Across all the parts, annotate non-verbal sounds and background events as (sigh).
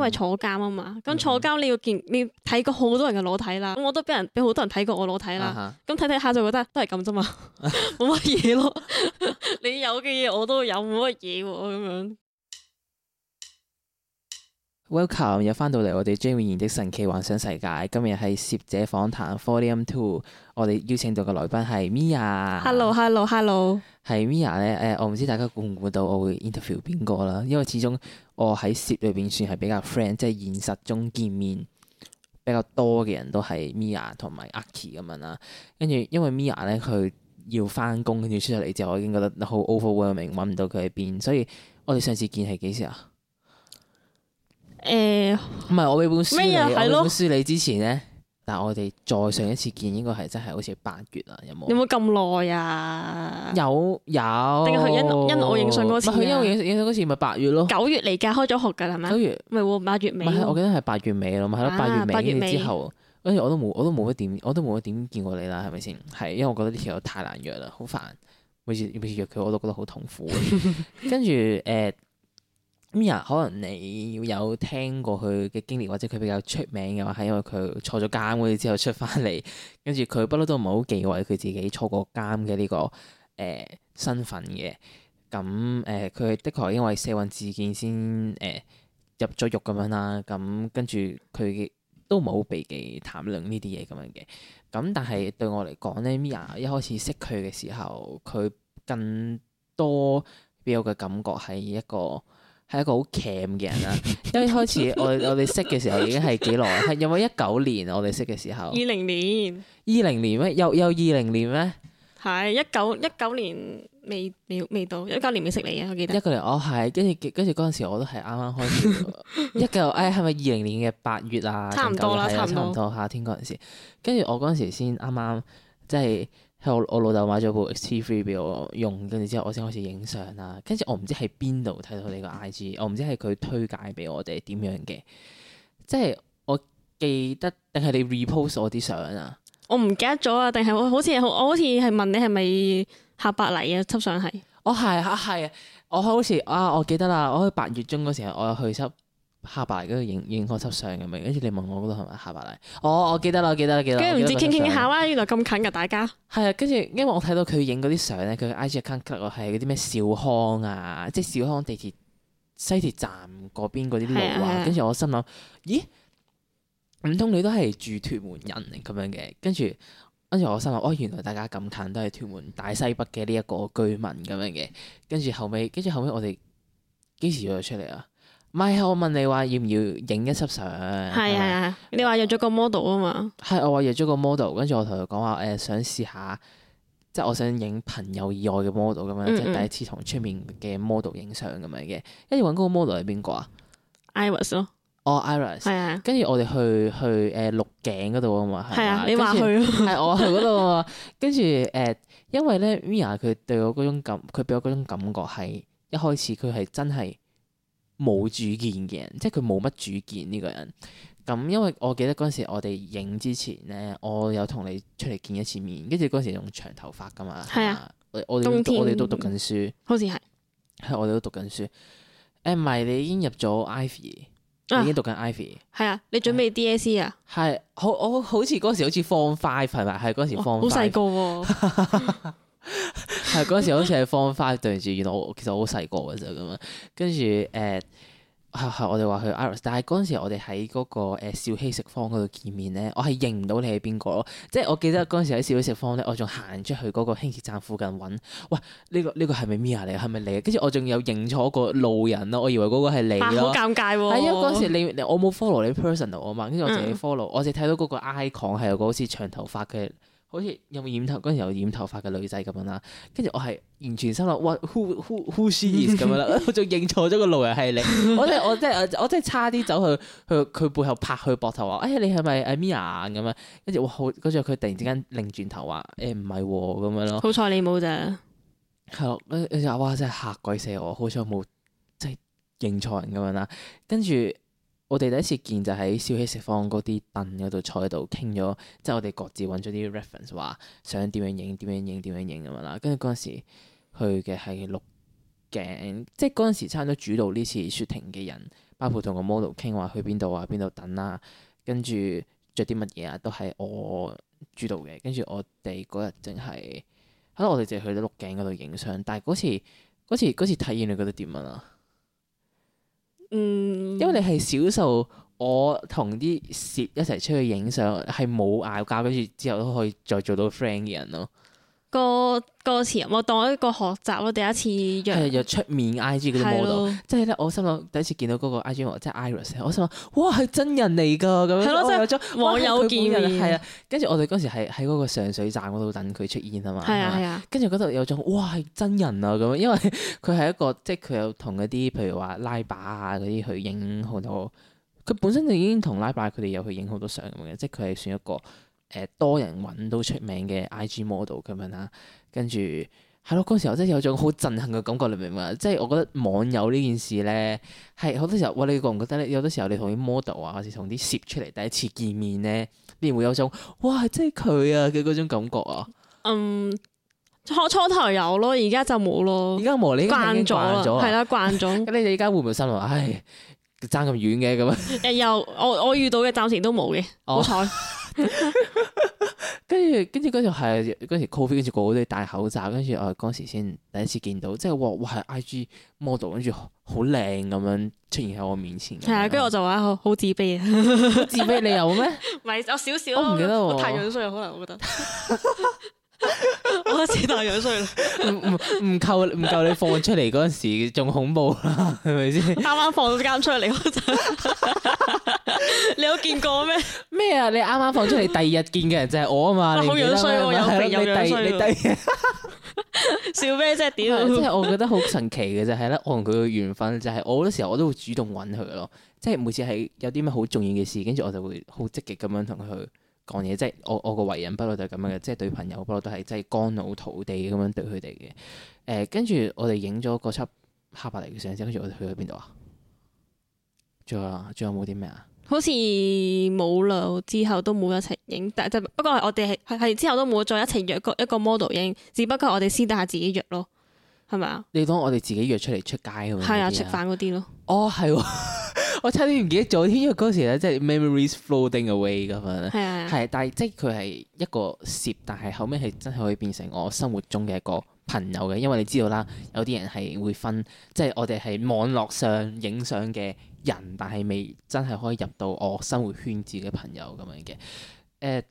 因為坐監啊嘛，咁坐監你要見你睇過好多人嘅裸體啦，咁我都俾人俾好多人睇過我裸體啦，咁睇睇下就覺得都係咁啫嘛，冇乜嘢咯。 (laughs) 你有嘅嘢我都有，冇乜嘢喎咁樣。Welcome 又返到嚟，我哋 Jamie 張妙賢的神奇幻想世界，今日係攝者訪談 Volume Two，我哋邀請到嘅來賓係 Miya。Hello，Hello，Hello hello, hello.。係 Miya 咧，誒，我唔知大家估唔估到我會 interview 邊個啦，因為始終。我喺攝裏邊算係比較 friend，即係現實中見面比較多嘅人都係 Mia 同埋 Aki 咁樣啦。跟住因為 Mia 咧佢要翻工，跟住出出嚟之後，我已經覺得好 overwhelming，揾唔到佢喺邊。所以我哋上次見係幾時啊？誒、欸，唔係我俾本書你咯，我俾本書你之前咧。但係我哋再上一次見應該係真係好似八月有有有有啊，有冇？有冇咁耐啊？有有。定係因因我影相嗰次。唔係佢因我影影相嗰次，咪八月咯。九月嚟㗎，開咗學㗎啦係咪？九月。咪喎，就是啊，八月尾。咪係，我記得係八月尾咯，係咯，八月尾之後，跟住我都冇，我都冇乜點，我都冇乜點見過你啦，係咪先？係，因為我覺得呢條友太難約啦，好煩，每次每次約佢我都覺得好痛苦 (laughs) (laughs) 跟。跟住誒。Mia 可能你要有聽過佢嘅經歷，或者佢比較出名嘅話，係因為佢坐咗監嗰之後出翻嚟，跟住佢不嬲都唔好忌諱佢自己坐過監嘅呢個誒、呃、身份嘅。咁、嗯、誒，佢、呃、的確係因為社運自薦先誒入咗獄咁樣啦。咁、嗯、跟住佢都冇避忌談論呢啲嘢咁樣嘅。咁、嗯、但係對我嚟講咧，Mia 一開始識佢嘅時候，佢更多俾我嘅感覺係一個。係一個好 c a 嘅人啦，因為開始我我哋識嘅時候已經係幾耐，係有冇一九年我哋識嘅時候？二零年，二零年咩？有有二零年咩？係一九一九年未未未到，一九年未識你啊！我記得一九年我係，跟住跟住嗰陣時我都係啱啱開始，一九 (laughs) 哎係咪二零年嘅八月啊？差唔多啦，差唔多夏天嗰陣時，跟住我嗰陣時先啱啱即係。係我老豆買咗部 X-T3 俾我用，跟住之後我先開始影相啦。跟住我唔知喺邊度睇到你個 I.G，我唔知係佢推介俾我哋點樣嘅，即係我記得定係你 repost 我啲相，哦、啊，啊？我唔記得咗啊？定係我好似我好似係問你係咪下白泥啊？輯相係？我係啊係，我好似啊我記得啦，我八月中嗰時候我又去輯。下巴嚟，嗰度影影嗰輯相嘅咪，跟住你問我嗰度係咪下巴嚟？哦，我記得啦，我記得啦，記得啦。跟住唔知傾傾下啦，原來咁近嘅大家。係啊，跟住因為我睇到佢影嗰啲相咧，佢 IG account 係嗰啲咩兆康啊，即係兆康地鐵西鐵站嗰邊嗰啲路啊。跟住的我心諗，咦，唔通你都係住屯門人咁樣嘅？跟住跟住我心諗，哦，原來大家咁近都係屯門大西北嘅呢一個居民咁樣嘅。跟住後尾，跟住後尾我哋幾時約出嚟啊？唔係我問你話要唔要影一輯相？係係係，是是你話約咗個 model 啊嘛？係、啊、我話約咗個 model，跟住我同佢講話，誒、呃，想試下，即係我想影朋友以外嘅 model 咁樣，嗯嗯即係第一次同出面嘅 model 影相咁樣嘅。跟住搵嗰個 model 係邊個啊？Iris 咯，哦 Iris，係啊。跟住我哋去去誒鹿頸嗰度啊嘛，係、呃、啊。你話去，係我去嗰度。跟住誒，因為咧，Miya 佢對我嗰種感，佢俾我嗰種感覺係一開始佢係真係。冇主見嘅人，即係佢冇乜主見呢個人。咁因為我記得嗰陣時我哋影之前咧，我有同你出嚟見一次面，跟住嗰陣時用長頭髮噶嘛。係啊。我我哋我哋都讀緊書。好似係。係我哋都讀緊書。誒唔係你已經入咗 Ivy，已經讀緊 Ivy，啊。係啊，你準備 DSE 啊？係，好我好似嗰時好似 Form Five 係咪？係嗰陣時 Form，哦、好細個喎，啊。 (laughs) 係嗰 (laughs) 時好似係 Form 5對住，原來我其實我好細個嘅啫，咁啊，跟住，誒我哋話去 Iris，但係嗰時我哋喺嗰個誒兆禧食坊嗰度見面咧，我係認唔到你係邊個咯，即、就、係、是、我記得嗰時喺兆禧食坊咧，我仲行出去嗰個輕鐵站附近搵，喂、呢、這個呢、這個係咪 Mia 嚟，係咪你啊？跟住我仲有認錯個路人咯，我以為嗰個係你，好尷尬喎，係啊，嗰時你我冇 follow 你 personal 啊嘛，跟住我淨係 follow，我淨係睇、嗯、到嗰個 icon 係有個好似長頭髮嘅。好似有冇染頭嗰陣時有染頭髮嘅女仔咁樣啦，跟住我係完全心諗，哇，who who who she is，咁樣啦，我仲認錯咗個路人係你， (laughs) 我真係我即係我即係差啲走去去佢背後拍佢膊頭話，哎，你係咪阿 Mia 咁樣？跟住我好，跟住佢突然之間擰轉頭話，誒，唔係咁樣咯。好彩你冇咋。係咯，有哇真係嚇鬼死我，好彩我冇即係認錯人咁樣啦，跟住。我哋第一次見就喺小氣食坊嗰啲凳嗰度坐喺度傾咗，即係我哋各自揾咗啲 reference 話想點樣影、點樣影、點樣影咁樣啦。跟住嗰陣時去嘅係鹿頸，即係嗰陣時差唔多主導呢次 shooting 嘅人，包括同個 model 傾話去邊度啊、邊度等啦，跟住着啲乜嘢啊，都係我主導嘅。跟住我哋嗰日淨係，可能我哋就去到鹿頸嗰度影相。但係嗰次、嗰次、嗰次體驗你覺得點啊？嗯，因為你係少數我同啲攝一齊出去影相係冇嗌交，跟住之後都可以再做到 friend 嘅人囉。歌歌詞，我當我一個學習咯。第一次約出面 I G 嗰度，的即係咧，我心諗第一次見到嗰個 IG, I G，即係 Iris，我心諗哇係真人嚟㗎咁樣，見面我有咗網友建議，係啊。跟住我哋嗰時係喺嗰個上水站嗰度等佢出現啊嘛。係啊係啊。跟住嗰度有種哇係真人啊咁，因為佢係一個即係佢有同一啲譬如話拉把啊嗰啲去影好多，佢本身就已經同拉把佢哋有去影好多相咁嘅，即係佢係算一個。誒，多人揾到出名嘅 I G model 咁樣啦，跟住係咯，嗰個時候真係有種好震撼嘅感覺，你明唔明啊？即係我覺得網友呢件事咧，係好多時候，喂，你覺唔覺得咧？有多時候你同啲 model 啊，或者同啲攝出嚟第一次見面咧，你會有種哇，即係佢啊嘅嗰種感覺啊。嗯，初初頭有咯，而家就冇咯。而家冇，你已經慣咗啦，係啦，慣咗。咁你哋而家會唔會心話唉，爭咁遠嘅咁樣？又、呃、我我遇到嘅暫時都冇嘅，好彩。哦 (laughs) 跟住，跟住跟住，係嗰時 COVID，跟住個個都戴口罩，跟住我嗰時先第一次見到，即係哇哇，係 IG Model，跟住好靚咁樣出現喺我面前。係啊，跟住我就話好，好自卑啊， (laughs) 自卑，你有咩？唔係有少少，我唔記得喎，我太樣衰可能我覺得。 (laughs) (laughs) 我似大樣衰，唔唔唔夠唔夠你放出嚟嗰陣時仲恐怖啦，係咪先？啱啱放監出嚟嗰陣，你有見過咩？咩啊？你啱啱放出嚟第二日見嘅人就係我啊嘛？你好樣衰，我有你第二日。笑咩？即係點？即係我覺得好神奇嘅就係咧，我同佢嘅緣分就係我嗰時我都會主動搵佢咯，即係每次係有啲咩好重要嘅事，跟住我就會好積極咁樣同佢去。講嘢，即係我我個為人不嬲就係咁樣嘅，即係對朋友不嬲都係即係肝腦塗地咁樣對佢哋嘅。誒、呃，跟住我哋影咗嗰輯黑白嚟嘅相，跟住我哋去咗邊度啊？仲有，仲有冇啲咩啊？好似冇啦，之後都冇一齊影，但係不過我哋係係之後都冇再一齊約過一個 model 影，只不過我哋私底下自己約咯，係咪啊？你當我哋自己約出嚟出街咁係啊，食飯嗰啲咯。哦，係喎、哦。 (laughs) 我差啲唔記得咗添，因為嗰時咧即係 memories floating away 咁樣咧，係，但係即係佢係一個攝，但係後尾係真係可以變成我生活中嘅一個朋友嘅，因為你知道啦，有啲人係會分，即係我哋係網絡上影相嘅人，但係未真係可以入到我生活圈子嘅朋友咁樣嘅。誒、呃，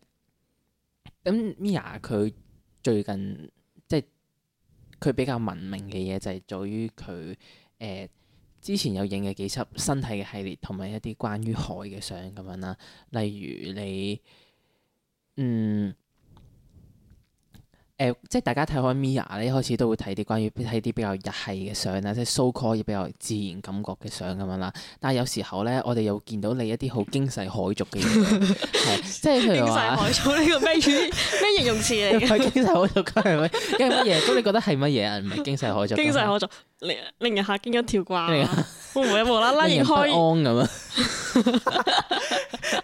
咁 Mia 佢最近即係佢比較文明嘅嘢就係、是、做於佢誒。呃之前有影嘅幾輯身體嘅系列，同埋一啲關於海嘅相咁樣啦。例如你，嗯，誒、呃，即係大家睇開 Miya 咧，一開始都會睇啲關於睇啲比較日系嘅相啦，即係 so called 比較自然感覺嘅相咁樣啦。但係有時候咧，我哋又見到你一啲好驚世駭俗嘅嘢， (laughs) 即係譬如話，驚世駭俗呢個咩咩形容詞嚟嘅？驚世駭俗係咪？咁你覺得係乜嘢啊？唔係驚世駭俗， (laughs) 驚世駭俗。令人嚇驚一跳啩，會唔會無啦啦而開？令人不安咁啊！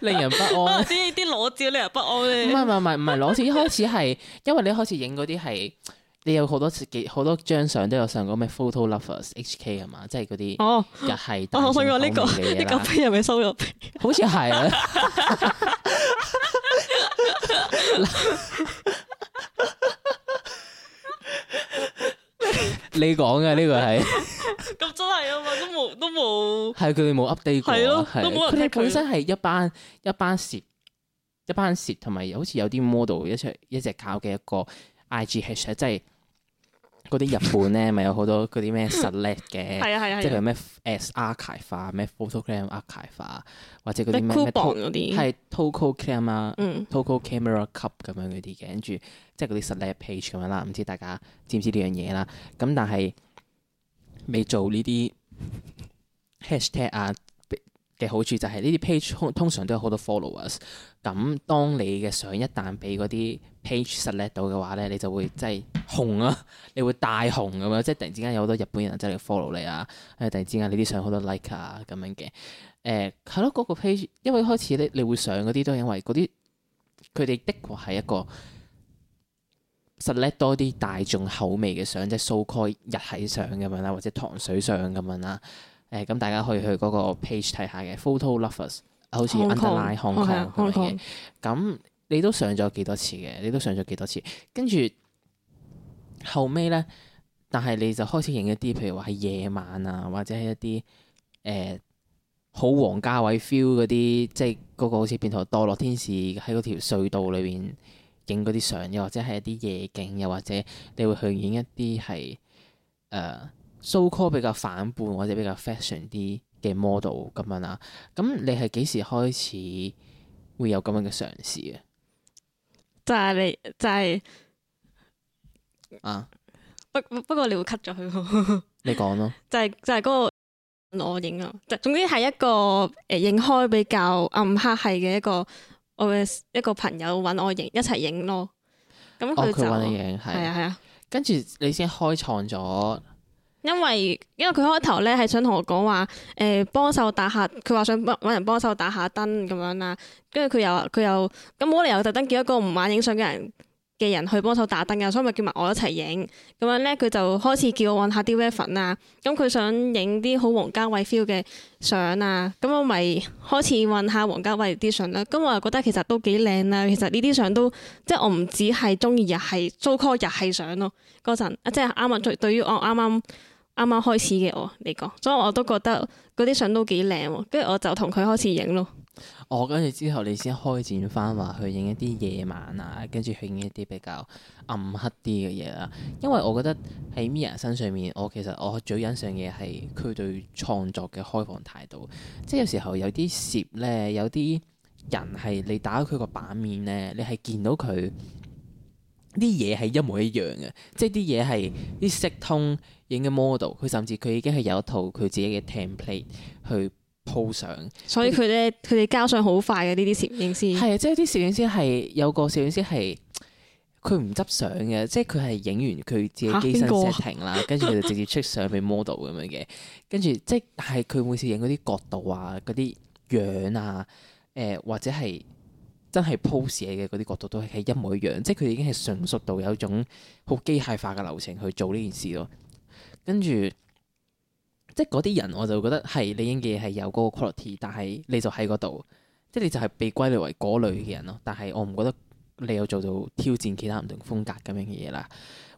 令人不安，啲啲裸照令人不安咧、 (laughs) 啊。唔係唔係唔係裸照，一 (laughs) 開始係，因為你一開始影嗰啲係，你有好多幾好多張相都有上嗰咩 photo lovers HK 啊嘛，即係嗰啲哦，嗯試試這個這個這個，又係哦，所想我呢個啲狗片又咪收咗。好似係啊。你講嘅呢個係，咁真係啊嘛，都冇都冇，係佢哋冇 update 過，佢哋 (laughs) 本身係一班 (laughs) 一班攝一班攝，同埋好似有啲 model 一直一直搞嘅一個 IG hash，即係。就是嗰啲 (laughs) 日本咧，咪有好多嗰啲咩實叻嘅，即係咩 s, s archive 啊，咩 photogram archive 啊，或者嗰啲咩係 tokocam 啊，tokocamera cup 咁樣嗰啲嘅，跟住即係嗰啲實叻 page 咁樣啦，唔知大家知唔知呢樣嘢啦？咁但係未做呢啲 hashtag 啊。嘅好處就係呢啲 page 通常都有好多 followers，咁當你嘅相一旦俾嗰啲 page select 到嘅話咧，你就會真係紅啊，你會大紅咁樣，即係突然之間有好多日本人真係嚟 follow 你啊，誒，突然之間你啲相好多 like 啊咁樣嘅，誒、欸，係咯，嗰個 page，因為開始咧你會上嗰啲都因為嗰啲佢哋的確係一個 select 多啲大眾口味嘅相，即係 so call 日系相咁樣啦，或者糖水相咁樣啦。誒，咁大家可以去嗰個 page 睇下嘅，photo lovers 好似 underline Hong Kong 咁、okay，你都上咗幾多次嘅，你都上咗幾多次，跟住後尾咧，但係你就開始影一啲，譬如話係夜晚啊，或者係一啲誒、呃、好王家衛 feel 嗰啲，即係嗰個好似變做墮落天使喺嗰條隧道裏邊影嗰啲相，又或者係一啲夜景，又或者你會去影一啲係誒。呃 so called 比較反叛或者比較 fashion 啲嘅 model 咁樣啦，咁你係幾時開始會有咁樣嘅嘗試啊？就係你，就係、是、啊！不不，不過你會 cut 咗佢喎。 (laughs) 你講咯、就是。就係就係嗰個我影啊！總之係一個誒影開比較暗黑系嘅一個我嘅一個朋友揾我影，一齊影咯。就哦，佢揾你影係啊係啊，啊跟住你先開創咗。因為因為佢開頭咧係想同我講話，誒、欸，幫手打下，佢話想幫搵人幫手打下燈咁樣啦。跟住佢又佢又咁冇理由特登叫一個唔玩影相嘅人嘅人去幫手打燈嘅，所以咪叫埋我一齊影咁樣咧。佢就開始叫我搵下啲 ref。咁佢想影啲好王家衛 feel 嘅相啊。咁我咪開始搵下王家衛啲相啦。咁我又覺得其實都幾靚啦。其實呢啲相都即我係，係即我唔止係中意，日，係 so call，日係相咯。嗰陣即係啱啱，最對於我啱啱。啱啱開始嘅我你講，所以我都覺得嗰啲相都幾靚。跟住我就同佢開始影咯。我跟住之後你先開展翻話去影一啲夜晚啊，跟住去影一啲比較暗黑啲嘅嘢啦。因為我覺得喺 Miya 身上面，我其實我最欣賞嘅係佢對創作嘅開放態度。即係有時候有啲攝咧，有啲人係你打開佢個版面咧，你係見到佢啲嘢係一模一樣嘅，即係啲嘢係啲色通。影嘅 model，佢甚至佢已經係有一套佢自己嘅 template 去 po 相，所以佢咧佢哋交相好快嘅呢啲攝影師係、就是、啊，即係啲攝影師係有個攝影師係佢唔執相嘅，即係佢係影完佢自己機身 setting 啦，跟住佢就直接出相俾 model 咁樣嘅。跟住即係，係佢每次影嗰啲角度啊，嗰啲樣啊，誒、呃、或者係真係 pose 嘅嗰啲角度都係一模一樣，即係佢已經係純熟到有一種好機械化嘅流程去做呢件事咯。跟住，即係嗰啲人我就覺得係你影嘅係有嗰個 quality，但係你就喺嗰度，即係你就係被歸類為嗰類嘅人咯。但係我唔覺得你有做到挑戰其他唔同風格咁樣嘅嘢啦，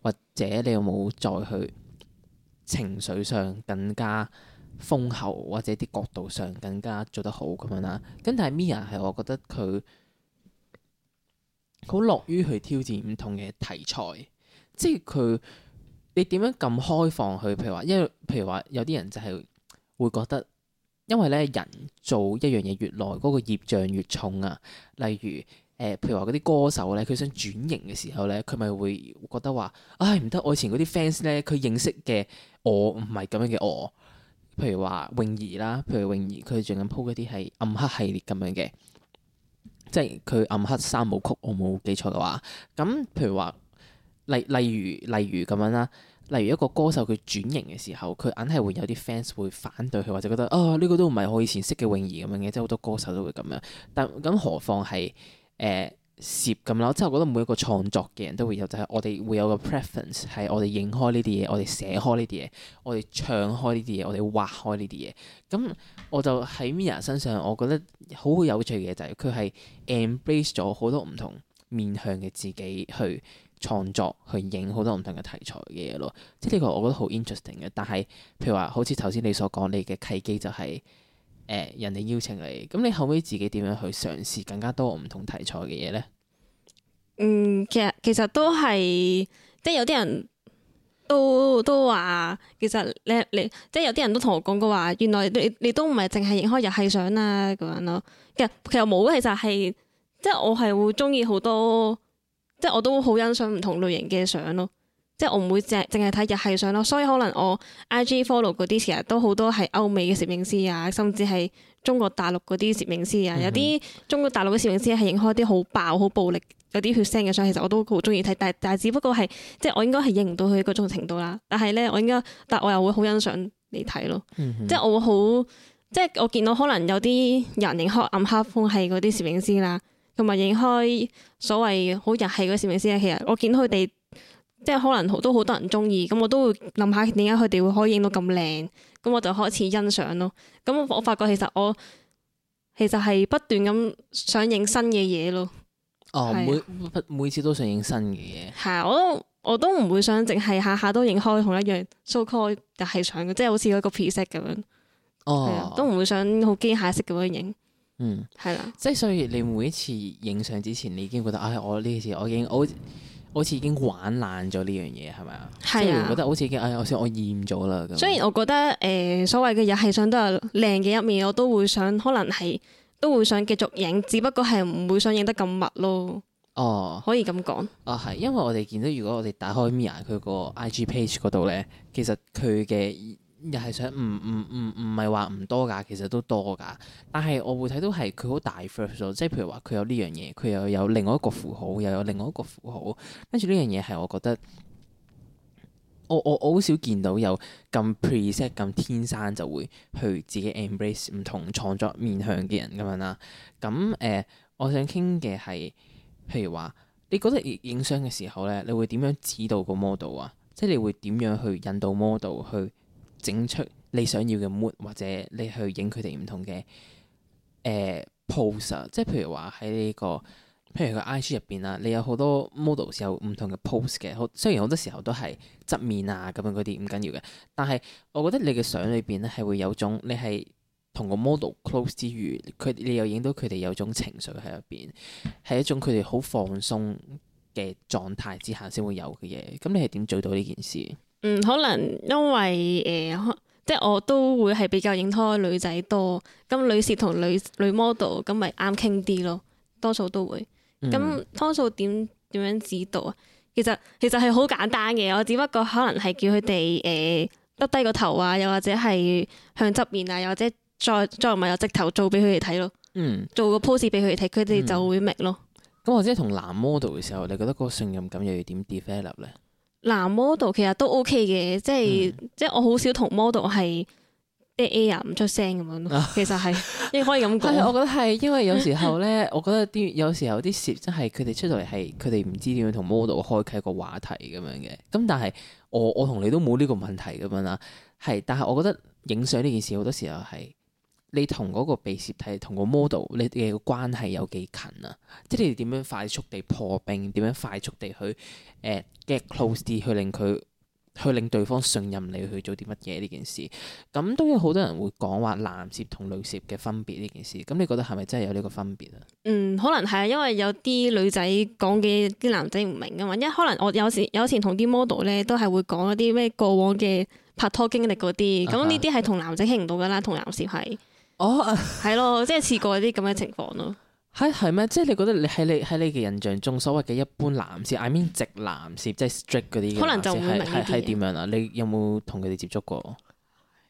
或者你有冇再去情緒上更加豐厚，或者啲角度上更加做得好咁樣啦？跟住，但係 Mia 係我覺得佢好樂於去挑戰唔同嘅題材，即係佢。你點樣咁開放去？譬如話，因為譬如話，有啲人就係會覺得，因為咧人做一樣嘢越耐，嗰個業障越重啊。例如誒、呃，譬如話嗰啲歌手咧，佢想轉型嘅時候咧，佢咪會覺得話：唉、哎，唔得，我以前嗰啲 fans 咧，佢認識嘅我唔係咁樣嘅我。譬如話，泳兒啦，譬如泳兒，佢最近鋪嗰啲係暗黑系列咁樣嘅，即係佢暗黑三部曲，我冇記錯嘅話。咁譬如話。例例如例如咁樣啦，例如一個歌手佢轉型嘅時候，佢硬係會有啲 fans 會反對佢，或者覺得啊，呢、哦，這個都唔係我以前識嘅泳兒咁樣嘅，即係好多歌手都會咁樣。但咁何況係誒攝咁囉？即、呃、係我覺得每一個創作嘅人都會有，就係、是、我哋會有個 preference 係我哋認開呢啲嘢，我哋寫開呢啲嘢，我哋唱開呢啲嘢，我哋畫開呢啲嘢。咁我就喺 Miya 身上，我覺得好好有趣嘅就係佢係 embrace 咗好多唔同面向嘅自己去。創作去影好多唔同嘅題材嘅嘢咯，即係呢個我覺得好 interesting 嘅。但係，譬如話，好似頭先你所講，你嘅契機就係、是、誒、呃、人哋邀請你，咁你後尾自己點樣去嘗試更加多唔同題材嘅嘢呢？嗯，其實其實都係，即係有啲人都都話，其實你你即係有啲人都同我講過話，原來你你都唔係淨係影開日系相啊咁樣咯。其實其實冇嘅，其實係即係我係會中意好多。即係我都好欣賞唔同類型嘅相咯，即係我唔會淨淨係睇日系相咯，所以可能我 I G follow 嗰啲其實都好多係歐美嘅攝影師啊，甚至係中國大陸嗰啲攝影師啊，嗯、哼有啲中國大陸嘅攝影師係影開啲好爆、好暴力、有啲血腥嘅相，其實我都好中意睇，但係但係只不過係即係我應該係影唔到佢嗰種程度啦。但係咧，我應該但我又會好欣賞你睇咯、嗯哼，即係我會好即係我見到可能有啲人影開暗黑風氣嗰啲攝影師啦。同埋影開所謂好日系嘅攝影師咧，其實我見到佢哋即係可能都好多人中意，咁我都會諗下點解佢哋會可以影到咁靚，咁我就開始欣賞咯。咁我我發覺其實我其實係不斷咁想影新嘅嘢咯。哦，每每次都想影新嘅嘢。係，我都我都唔會想淨係下下都影開同一樣 so call 就係想即係、就是、好似一個 piece 咁樣。哦，都唔會想好機械式咁樣影。嗯，係啦、啊，即係所以你每一次影相之前，你已經覺得，唉、嗯哎，我呢次我已經好，好似已經玩爛咗呢樣嘢，係咪啊？即係覺得好似已經，唉、哎，我算我厭咗啦。雖然我覺得，誒、呃，所謂嘅日系相都有靚嘅一面，我都會想，可能係都會想繼續影，只不過係唔會想影得咁密咯。哦，可以咁講、啊。啊，係，因為我哋見到，如果我哋打開 Miya 佢個 IG page 嗰度咧，其實佢嘅。又係想唔唔唔唔係話唔多㗎，其實都多㗎。但係我會睇到係佢好大 first，即係譬如話佢有呢樣嘢，佢又有另外一個符號，又有另外一個符號。跟住呢樣嘢係我覺得我我我好少見到有咁 preset 咁天生就會去自己 embrace 唔同創作面向嘅人咁樣啦。咁誒、呃，我想傾嘅係譬如話，你覺得影相嘅時候咧，你會點樣指導個 model 啊？即係你會點樣去引導 model 去？整出你想要嘅 mood，或者你去影佢哋唔同嘅誒 pose 啊！即係譬如話喺呢個譬如個 IG 入邊啊，你有好多 models 有唔同嘅 pose 嘅。好，雖然好多時候都係側面啊咁樣嗰啲唔緊要嘅，但係我覺得你嘅相裏邊咧係會有種你係同個 model close 之餘，佢你又影到佢哋有種情緒喺入邊，係一種佢哋好放鬆嘅狀態之下先會有嘅嘢。咁你係點做到呢件事？嗯，可能因為誒、呃，即係我都會係比較影拖女仔多，咁女士同女女 model 咁咪啱傾啲咯，多數都會。咁多數點點樣指導啊？其實其實係好簡單嘅，我只不過可能係叫佢哋誒，耷、呃、低個頭啊，又或者係向側面啊，又或者再再唔係有直頭做俾佢哋睇咯，嗯咯嗯。嗯，做個 pose 俾佢哋睇，佢哋就會明咯。咁或者同男 model 嘅時候，你覺得嗰個信任感又要點 develop 咧？男、啊、model 其實都 OK 嘅，即係、嗯、即係我好少同 model 係 A A 唔出聲咁樣，其實係你 (laughs) (laughs) 可以咁講。 (laughs) 我覺得係，因為有時候咧，我覺得啲有時候啲攝真係佢哋出到嚟係佢哋唔知點樣同 model 開啟個話題咁樣嘅。咁但係我我同你都冇呢個問題咁樣啦。係，但係我覺得影相呢件事好多時候係。你同嗰個被攝體同個 model，你嘅關係有幾近啊？即係你哋點樣快速地破冰，點樣快速地去誒 get closer，去令佢去令對方信任你去做啲乜嘢呢件事？咁都有好多人會講話男攝同女攝嘅分別呢件事，咁你覺得係咪真係有呢個分別啊？嗯，可能係啊，因為有啲女仔講嘅啲男仔唔明㗎嘛，因為可能我有時有時同啲 model 咧都係會講一啲咩過往嘅拍拖經歷嗰啲，咁呢啲係同男仔傾唔到㗎啦，同男攝係。哦，係咯，即係試過啲咁嘅情況咯。係係咩？即係你覺得你喺你喺你嘅印象中，所謂嘅一般男士，I mean 直男攝，即係 straight 嗰啲，可能就唔明呢啲。係點樣啊？嗯、你有冇同佢哋接觸過？誒、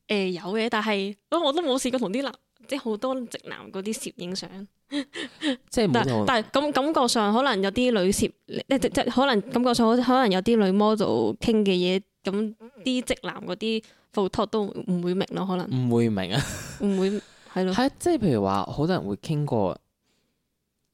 呃，有嘅，但係我，我都冇試過同啲男，即係好多直男嗰啲攝影相。 (laughs) 即係，但係但係咁感覺上，可能有啲女攝，即 (laughs) 可能感覺上可，可能有啲女 model 傾嘅嘢，咁啲直男嗰啲 photo 都唔會明咯，可能唔會明啊，唔會。係咯，係即係譬如話，好多人會傾過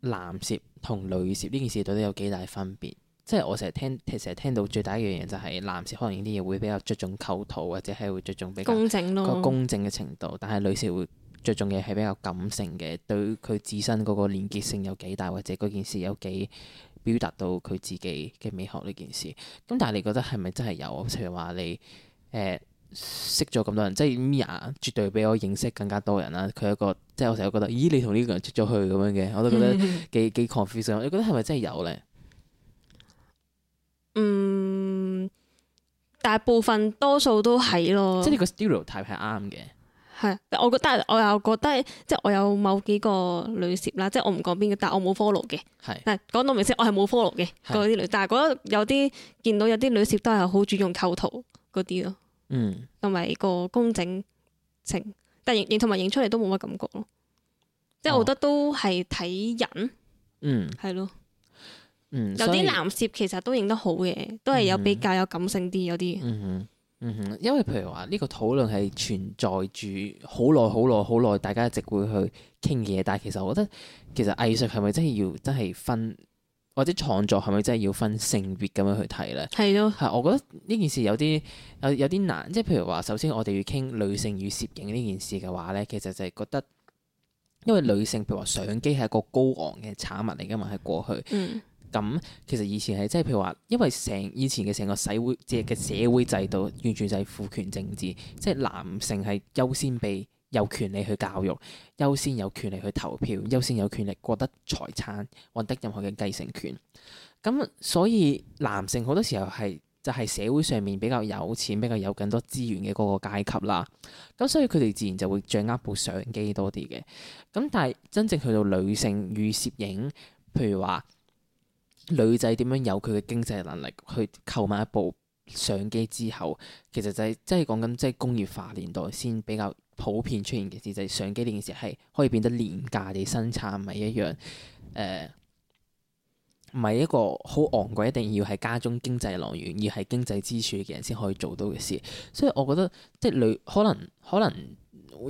男攝同女攝呢件事到底有幾大分別？即係我成日聽，其實成日聽到最大一樣嘢就係男攝可能啲嘢會比較着重構圖，或者係會着重比較公正咯，個公正嘅程度。但係女攝會着重嘅係比較感性嘅，對佢自身嗰個連結性有幾大，或者嗰件事有幾表達到佢自己嘅美學呢件事。咁但係你覺得係咪真係有？譬如話你誒。呃識咗咁多人，即係 Mia 絕對比我認識更加多人啦。佢一個即係我成日覺得，咦，你同呢個人出咗去咁樣嘅，我都覺得 (laughs) 幾幾 confusing。你覺得係咪真係有咧？嗯，大部分多數都係咯。即係個 stereotype 係啱嘅，係我覺得。我又覺得，即係我有某幾個女攝啦，即係我唔講邊個，但我冇 follow 嘅係。是但係講到明我係冇 follow 嘅嗰啲女，是但係覺得有啲見到有啲女攝都係好注重構圖嗰啲咯。嗯，同埋個工整性，但係影同埋影出嚟都冇乜感覺咯，即係我覺得都係睇人、哦，嗯，係咯，嗯，有啲男攝其實都影得好嘅，都係有比較有感性啲有啲、嗯，嗯哼，嗯哼，因為譬如話呢、這個討論係存在住好耐好耐好耐，大家一直會去傾嘢，但係其實我覺得其實藝術係咪真係要真係分？或者創作係咪真係要分性別咁樣去睇呢？係咯的，係、嗯。我覺得呢件事有啲有有啲難，即係譬如話，首先我哋要傾女性與攝影呢件事嘅話呢，其實就係覺得，因為女性譬如話相機係一個高昂嘅產物嚟嘅嘛，喺過去咁、嗯、其實以前係即係譬如話，因為成以前嘅成個社會嘅社會制度完全就係父權政治，即係男性係優先被有權利去教育，優先有權利去投票，優先有權利獲得財產，獲得任何嘅繼承權。咁所以男性好多時候係就係、是、社會上面比較有錢，比較有更多資源嘅嗰個階級啦。咁所以佢哋自然就會掌握部相機多啲嘅。咁但係真正去到女性與攝影，譬如話女仔點樣有佢嘅經濟能力去購買一部相機之後，其實就係即係講緊即係工業化年代先比較普遍出現嘅事就係、是、相機呢件事係可以變得廉價地生產，唔係一樣誒，唔、呃、係一個好昂貴，一定要係家中經濟來源而係經濟支柱嘅人先可以做到嘅事。所以，我覺得即係女可能可能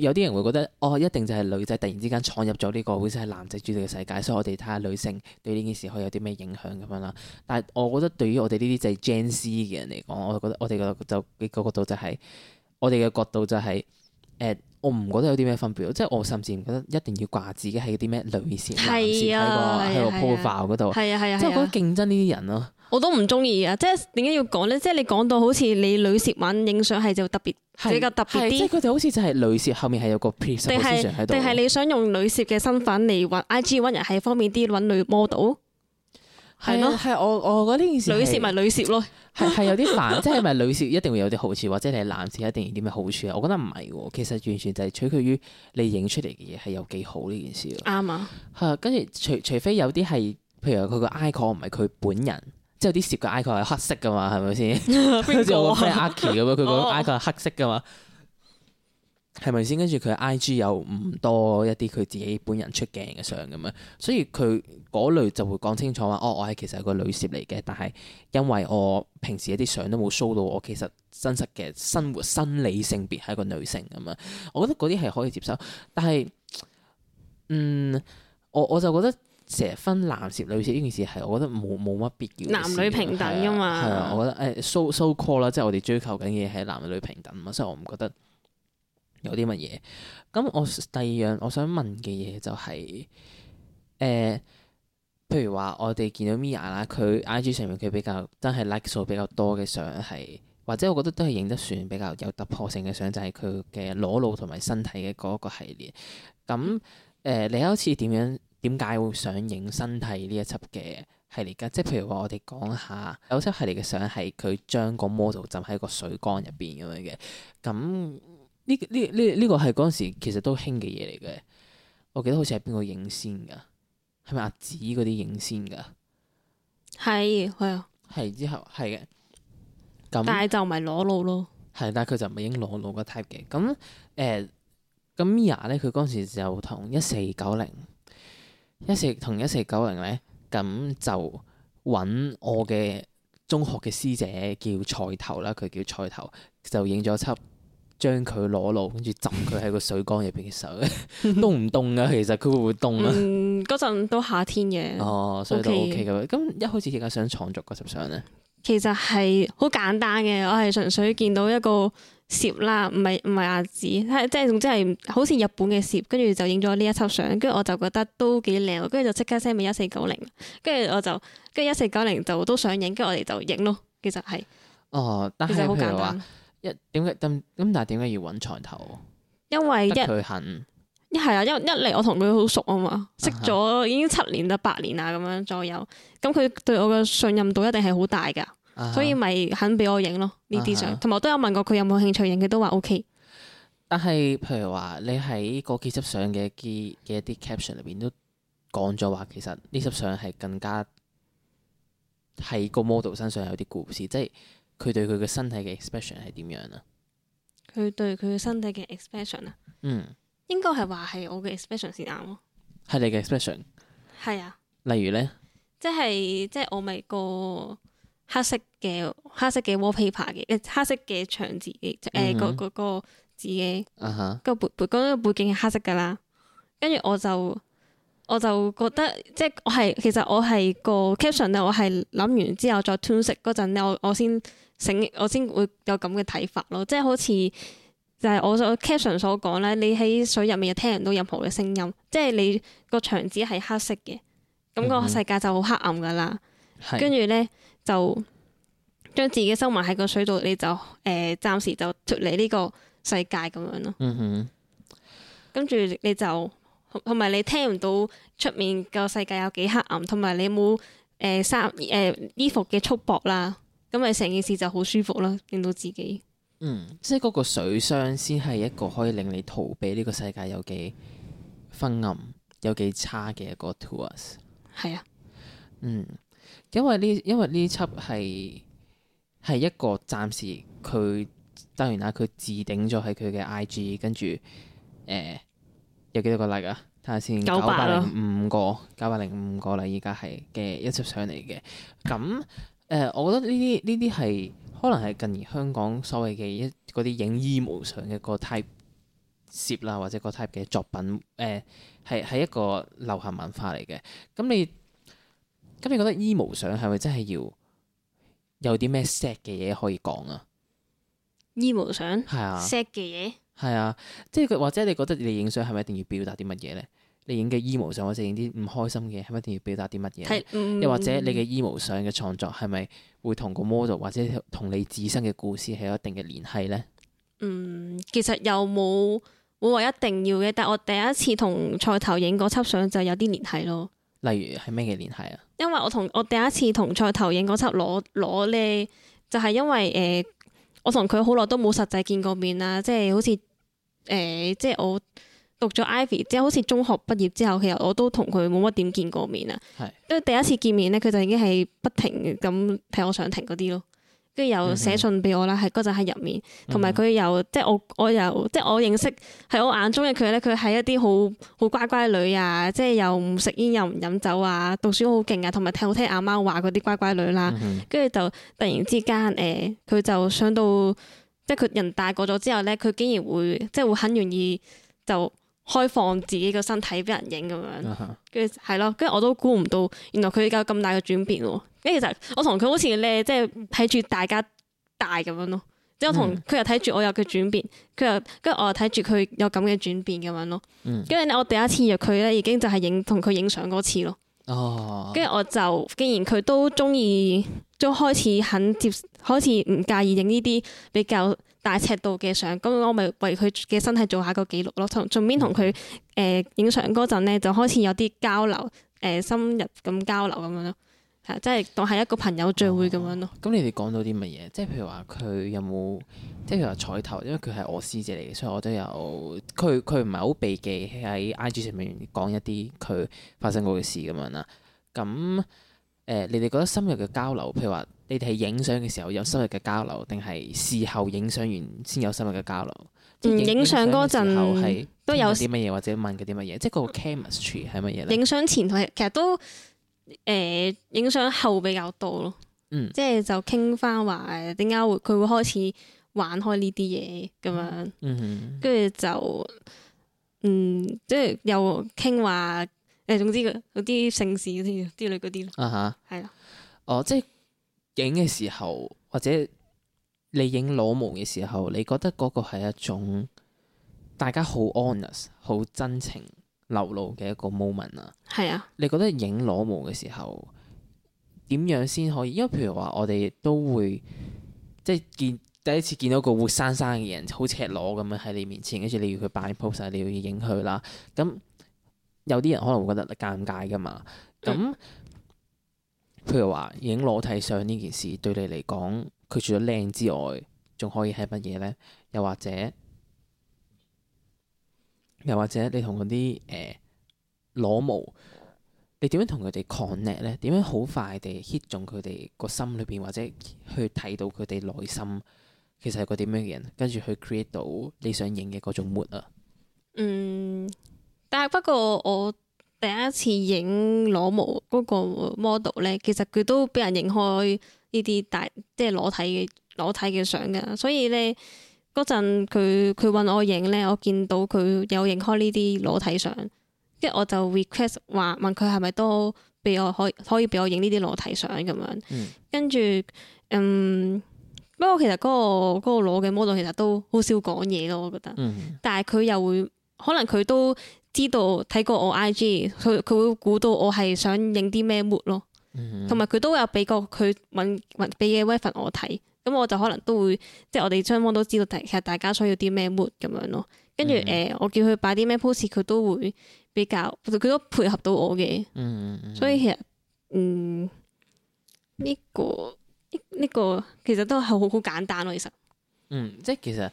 有啲人會覺得我、哦、一定就係女仔突然之間闖入咗呢、這個好似係男仔主義嘅世界，所以我哋睇下女性對呢件事可以有啲咩影響咁樣啦。但係我覺得對於我哋呢啲就係 Gen Z 嘅人嚟講，我覺得我哋嘅就嘅、那個、角度就係、是、我哋嘅角度就係、是。我唔覺得有啲咩分別，即係我甚至唔覺得一定要掛自己係啲咩女攝，係啊，喺度，係啊係啊，即係我覺得競爭呢啲人咯。我都唔中意啊，即係點解要講咧？即係你講到好似你女攝玩影相係就特別比較特別啲，即係佢哋好似就係女攝後面係有個 piece，定係定係你想用女攝嘅身份嚟搵 IG 搵人係方便啲搵女 model。係咯，係我我覺得呢件事女攝咪女攝咯，係係有啲煩， (laughs) 即係咪女攝一定會有啲好處，或者你係男攝一定要啲咩好處啊？我覺得唔係喎，其實完全就係取決於你影出嚟嘅嘢係有幾好呢件事。啱啊，吓跟住除除非有啲係，譬如佢個 icon 唔係佢本人，即係有啲攝嘅 icon 係黑色噶嘛，係咪先？邊個、啊？似我個咩阿奇咁樣，佢個 icon 係黑色噶嘛？係咪先？跟住佢 IG 有唔多一啲佢自己本人出鏡嘅相噉樣，所以佢嗰類就會講清楚話哦，我係其實係個女攝嚟嘅，但係因為我平時一啲相都冇 show 到，我其實真實嘅生活生理性別係一個女性噉樣，我覺得嗰啲係可以接受，但係，嗯，我我就覺得成日分男攝女攝呢件事係，我覺得冇冇乜必要的的，男女平等噶嘛，係啊，啊，我覺得誒、哎、show show call 啦，即係我哋追求緊嘢係男女平等嘛，所以我唔覺得。有啲乜嘢？咁我第二樣我想問嘅嘢就係、是，誒、呃，譬如話我哋見到 Miya 啦，佢 IG 上面佢比較真係 like 數比較多嘅相係，或者我覺得都係影得算比較有突破性嘅相，就係佢嘅裸露同埋身體嘅嗰個系列。咁誒、呃，你好似點樣點解會想影身體呢一輯嘅系列噶？即、就、係、是、譬如話我哋講下，有一輯系列嘅相係佢將個 model 浸喺個水缸入邊咁樣嘅，咁。呢呢呢呢個係嗰陣時其實都興嘅嘢嚟嘅。我記得好似係邊個影先噶，係咪阿紫嗰啲影先噶？係係啊，係、嗯、之後係嘅。咁但係就唔係裸露咯，係但係佢就唔係影裸露個 type 嘅。咁誒，咁 Miya 咧，佢嗰陣時就同一四九零，一四同一四九零咧，咁就揾我嘅中學嘅師姐叫菜頭啦，佢叫菜頭就影咗一輯。將佢裸露，跟住浸佢喺個水缸入邊嘅時候，都唔凍㗎？其實佢會唔會凍啊？會。嗯，嗰陣都夏天嘅。哦，所以都 OK 嘅。咁 Okay. 一開始而家想創作嗰輯相咧？其實係好簡單嘅，我係純粹見到一個攝啦，唔係唔係阿紫，即係總之係好似日本嘅攝，跟住就影咗呢一輯相，跟住我就覺得都幾靚，跟住就即刻 send 俾一四九零，跟住我就跟住一四九零就都想影，跟住我哋就影咯。其實係哦，但係好簡單。為一點解咁咁，但係點解要揾財頭？因為一佢肯，一係啊，因為一嚟我同佢好熟啊嘛，識咗已經七年喇八年啊咁樣左右，咁佢對我嘅信任度一定係好大噶，uh huh. 所以咪肯俾我影咯呢啲相，同埋、uh huh. 我都有問過佢有冇興趣影，佢都話 OK。但係，譬如話你喺嗰幾輯相嘅嘅一啲 caption 入邊都講咗話，其實呢輯相係更加喺個 model 身上有啲故事，即係。佢對佢嘅身體嘅 expression 係點樣啊？佢對佢嘅身體嘅 expression 啊？嗯，應該係話係我嘅 expression 先啱咯。係你嘅 expression？係是啊。例如咧？即係即係我咪個黑色嘅黑色嘅 wallpaper 嘅黑色嘅牆紙誒嗰嗰個自己，啊、那個嗯、哼 個背背嗰個背景係黑色噶啦，跟住我就。我就覺得，即係我係，其實我係個 caption 咧，我係諗完之後再 tune 食嗰陣咧，我我先醒，我先會有咁嘅睇法咯。即係好似就係、是、我所 caption 所講咧，你喺水入面又聽唔到任何嘅聲音，即係你個牆紙係黑色嘅，咁、mm hmm. 呃、個世界就好黑暗噶啦。跟住咧就將自己收埋喺個水度，你就誒暫時就脫離呢個世界咁樣咯。跟住你就。同埋你聽唔到出面個世界有幾黑暗，同埋你冇誒衫誒衣服嘅束縛啦，咁咪成件事就好舒服啦，令到自己，嗯，即係嗰個水箱先係一個可以令你逃避呢個世界有幾昏暗、有幾差嘅一個 tools。係啊，嗯，因為呢，因為呢輯係係一個暫時佢當然啦，佢置頂咗喺佢嘅 IG，跟住誒。有幾多個例啊？睇下先，九百零五個，九百零五個啦！依家係嘅一輯相嚟嘅。咁誒、呃，我覺得呢啲呢啲係可能係近年香港所謂嘅一嗰啲影衣模相嘅個 type 攝啦，或者個 type 嘅作品，誒係係一個流行文化嚟嘅。咁你咁你覺得衣模相係咪真係要有啲咩 set 嘅嘢可以講啊？衣模相？係啊，set 嘅嘢。係啊，即係佢或者你覺得你影相係咪一定要表達啲乜嘢咧？你影嘅 emo 相或者影啲唔開心嘅，係咪一定要表達啲乜嘢？係，又、嗯、或者你嘅 emo 相嘅創作係咪會同個 model 或者同你自身嘅故事係有一定嘅聯繫咧？嗯，其實又冇，冇話一定要嘅。但係我第一次同蔡頭影嗰輯相就有啲聯繫咯。例如係咩嘅聯繫啊？因為我同我第一次同蔡頭影嗰輯攞攞咧，就係、是、因為誒。呃我同佢好耐都冇實際見過面啦，即係好似誒、呃，即係我讀咗 Ivy 之後，好似中學畢業之後，其實我都同佢冇乜點見過面啦。係是，因為第一次見面咧，佢就已經係不停咁睇我上庭嗰啲咯。跟住又寫信俾我啦，係嗰陣喺入面，同埋佢又即係我，我又即係我認識喺我眼中嘅佢咧，佢係一啲好好乖乖女啊，即係又唔食煙又唔飲酒啊，讀書好勁啊，同埋聽好聽阿媽話嗰啲乖乖女啦，跟住、嗯、哼就突然之間誒，佢、呃、就想到即係佢人大個咗之後咧，佢竟然會即係、就是、會很願意就開放自己個身體俾人影咁樣，跟住係咯，跟、huh. 住我都估唔到，原來佢而家有咁大嘅轉變。跟住其實我同佢好似咧，即係睇住大家大咁樣咯。即係我同佢又睇住我有嘅轉變，佢又跟住我又睇住佢有咁嘅轉變咁樣咯。跟住咧，huh. 我第一次約佢咧，已經就係影同佢影相嗰次咯。哦、uh，跟、huh. 住我就既然佢都中意，都開始肯接，開始唔介意影呢啲比較。大尺度嘅相，咁我咪為佢嘅身體做下個記錄咯。同順便同佢誒影相嗰陣咧，就開始有啲交流，誒、呃、深入咁交流咁樣咯，係即係當係一個朋友聚會咁樣咯。咁、哦、你哋講到啲乜嘢？即係譬如話佢有冇，即係譬如話彩頭，因為佢係我師姐嚟，所以我都有。佢佢唔係好避忌喺 I G 上面講一啲佢發生過嘅事咁樣啦。咁誒、呃，你哋覺得深入嘅交流，譬如話。你哋係影相嘅時候有深入嘅交流，定係事後影相完先有深入嘅交流？影相嗰陣時係都有啲乜嘢，或者問佢啲乜嘢？即係個 chemistry 係乜嘢？影相前同係其實都誒，呃、影相後比較多咯。嗯、即係就傾翻話點解會佢會開始玩開呢啲嘢咁樣。跟住、嗯嗯、就嗯，即係又傾話誒、呃，總之嗰啲性事啲之類嗰啲咯。係咯。哦，即係。影嘅時候，或者你影裸模嘅時候，你覺得嗰個係一種大家好 honest、好真情流露嘅一個 moment 啊？係啊，你覺得影裸模嘅時候點樣先可以？因為譬如話我哋都會即係見第一次見到個活生生嘅人，好赤裸咁樣喺你面前，跟住你要佢擺 pose，你要影佢啦。咁有啲人可能會覺得尷尬噶嘛？咁譬如話影裸體相呢件事對你嚟講，佢除咗靚之外，仲可以係乜嘢呢？又或者，又或者你同嗰啲誒裸模，你點樣同佢哋 connect 呢？點樣好快地 hit 中佢哋個心裏邊，或者去睇到佢哋內心其實係個點樣嘅人，跟住去 create 到你想影嘅嗰種 mood 啊？嗯，但係不過我。第一次影裸模嗰個 model 咧，其實佢都俾人影開呢啲大，即係裸體嘅裸體嘅相噶。所以咧嗰陣佢佢問我影咧，我見到佢有影開呢啲裸體相，跟住我就 request 話問佢係咪都俾我可以可以俾我影呢啲裸體相咁樣。嗯、跟住嗯，不過其實嗰、嗰個、嗰個裸嘅 model 其實都好少講嘢咯，我覺得。嗯。但係佢又會，可能佢都。知道睇過我 IG，佢佢會估到我係想影啲咩 mood 咯，同埋佢都有俾個佢揾揾俾嘅 waven 我睇，咁我，我就可能都會即係我哋雙方都知道，其實大家需要啲咩 mood 咁樣咯。跟住誒，我叫佢擺啲咩 post，佢都會比較佢都配合到我嘅，嗯、哼所以其實嗯呢、呢個呢、呢個、呢個、其實都係好好簡單咯，其實嗯即係其實。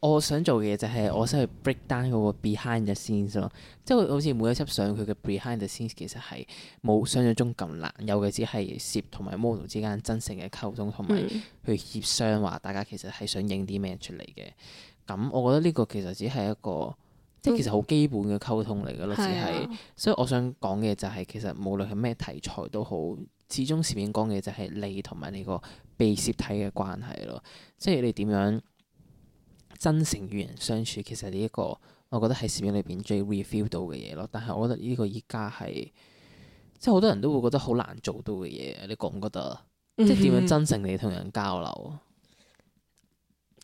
我想做嘅嘢就係我想去 break down 嗰個 behind the scenes 咯，即係好似每一輯相，佢嘅 behind the scenes 其實係冇想象中咁難，有嘅只係攝同埋 model 之間真誠嘅溝通同埋去協商，話大家其實係想影啲咩出嚟嘅。咁我覺得呢個其實只係一個，即係、嗯、其實好基本嘅溝通嚟噶咯，只係、啊、所以我想講嘅就係、是、其實無論係咩題材都好，始終攝影講嘅就係你同埋你個被攝體嘅關係咯，即係你點樣。真誠與人相處，其實呢一個，我覺得喺攝影裏邊最 reveal 到嘅嘢咯。但係，我覺得呢個依家係即係好多人都會覺得好難做到嘅嘢。你覺唔覺得？嗯、哼即係點樣真誠嚟同人交流？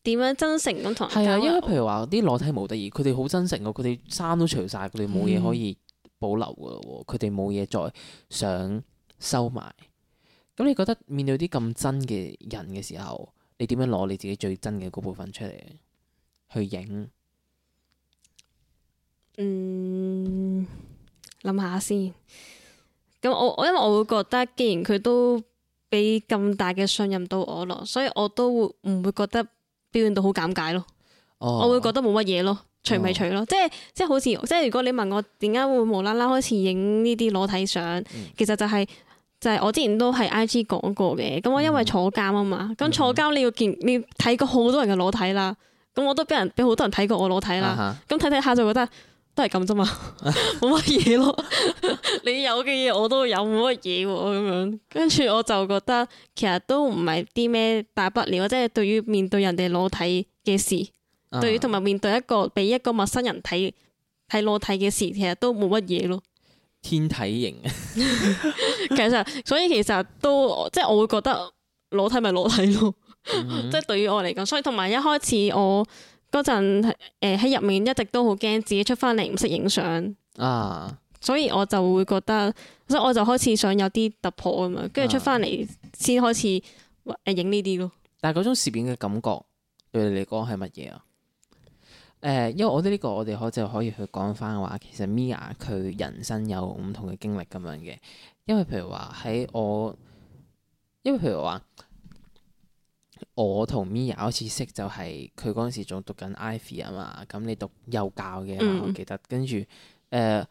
點、嗯、樣真誠咁同人交流？係啊？因為譬如話啲裸體模特兒，佢哋好真誠，佢哋衫都除晒，佢哋冇嘢可以保留噶咯。佢哋冇嘢再想收埋。咁你覺得面對啲咁真嘅人嘅時候，你點樣攞你自己最真嘅嗰部分出嚟去影，嗯，諗下先。咁我我因為我會覺得，既然佢都俾咁大嘅信任到我咯，所以我都會唔會覺得表現到好尷尬咯？哦、我會覺得冇乜嘢咯，除咪除咯，即係即係好似即係如果你問我點解會無啦啦開始影呢啲裸體相，嗯、其實就係、是、就係、是、我之前都係 IG 講過嘅。咁我、嗯、因為坐監啊嘛，咁、嗯、坐監你要見你睇過好多人嘅裸體啦。咁我都俾人俾好多人睇過我裸體啦，咁睇睇下就覺得都係咁啫嘛，冇乜嘢咯。Huh. (laughs) 麼 (laughs) 你有嘅嘢我都有，冇乜嘢喎咁樣。跟住我就覺得其實都唔係啲咩大不了，即係對於面對人哋裸體嘅事，uh huh. 對於同埋面對一個俾一個陌生人睇睇裸體嘅事，其實都冇乜嘢咯。天體型啊， (laughs) (laughs) 其實所以其實都即係我會覺得裸體咪裸體咯。即係、嗯、 (laughs) 對於我嚟講，所以同埋一開始我嗰陣誒喺入面，一直都好驚自己出翻嚟唔識影相啊，所以我就會覺得，所以我就開始想有啲突破啊嘛，跟住出翻嚟先開始影呢啲咯。但係嗰種攝影嘅感覺對你嚟講係乜嘢啊？誒、呃，因為我覺得呢個我哋可就可以去講翻嘅話，其實 Miya 佢人生有唔同嘅經歷咁樣嘅，因為譬如話喺我，因為譬如話。我同 Mia 開始識就係佢嗰陣時仲讀緊 Ivy 啊嘛，咁你讀幼教嘅，我記得。嗯、跟住誒，嗰、呃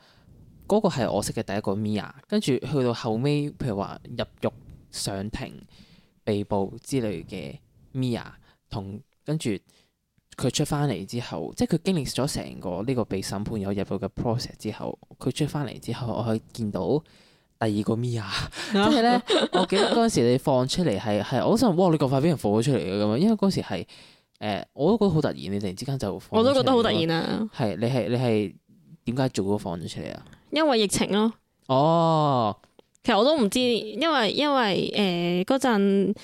嗰個係我識嘅第一個 Mia。跟住去到後尾，譬如話入獄、上庭、被捕之類嘅 Mia，同跟住佢出翻嚟之後，即係佢經歷咗成個呢個被審判有入獄嘅 process 之後，佢出翻嚟之後，我可以見到。第二個咩啊？即係咧， (laughs) 我記得嗰陣時你放出嚟係係，我心諗哇，你咁快俾人放咗出嚟嘅咁啊！因為嗰陣時係、呃、我都覺得好突然，你突然之間就放，我都覺得好突然啊！係你係你係點解做咗放咗出嚟啊？因為疫情咯。哦，其實我都唔知，因為因為誒嗰陣。呃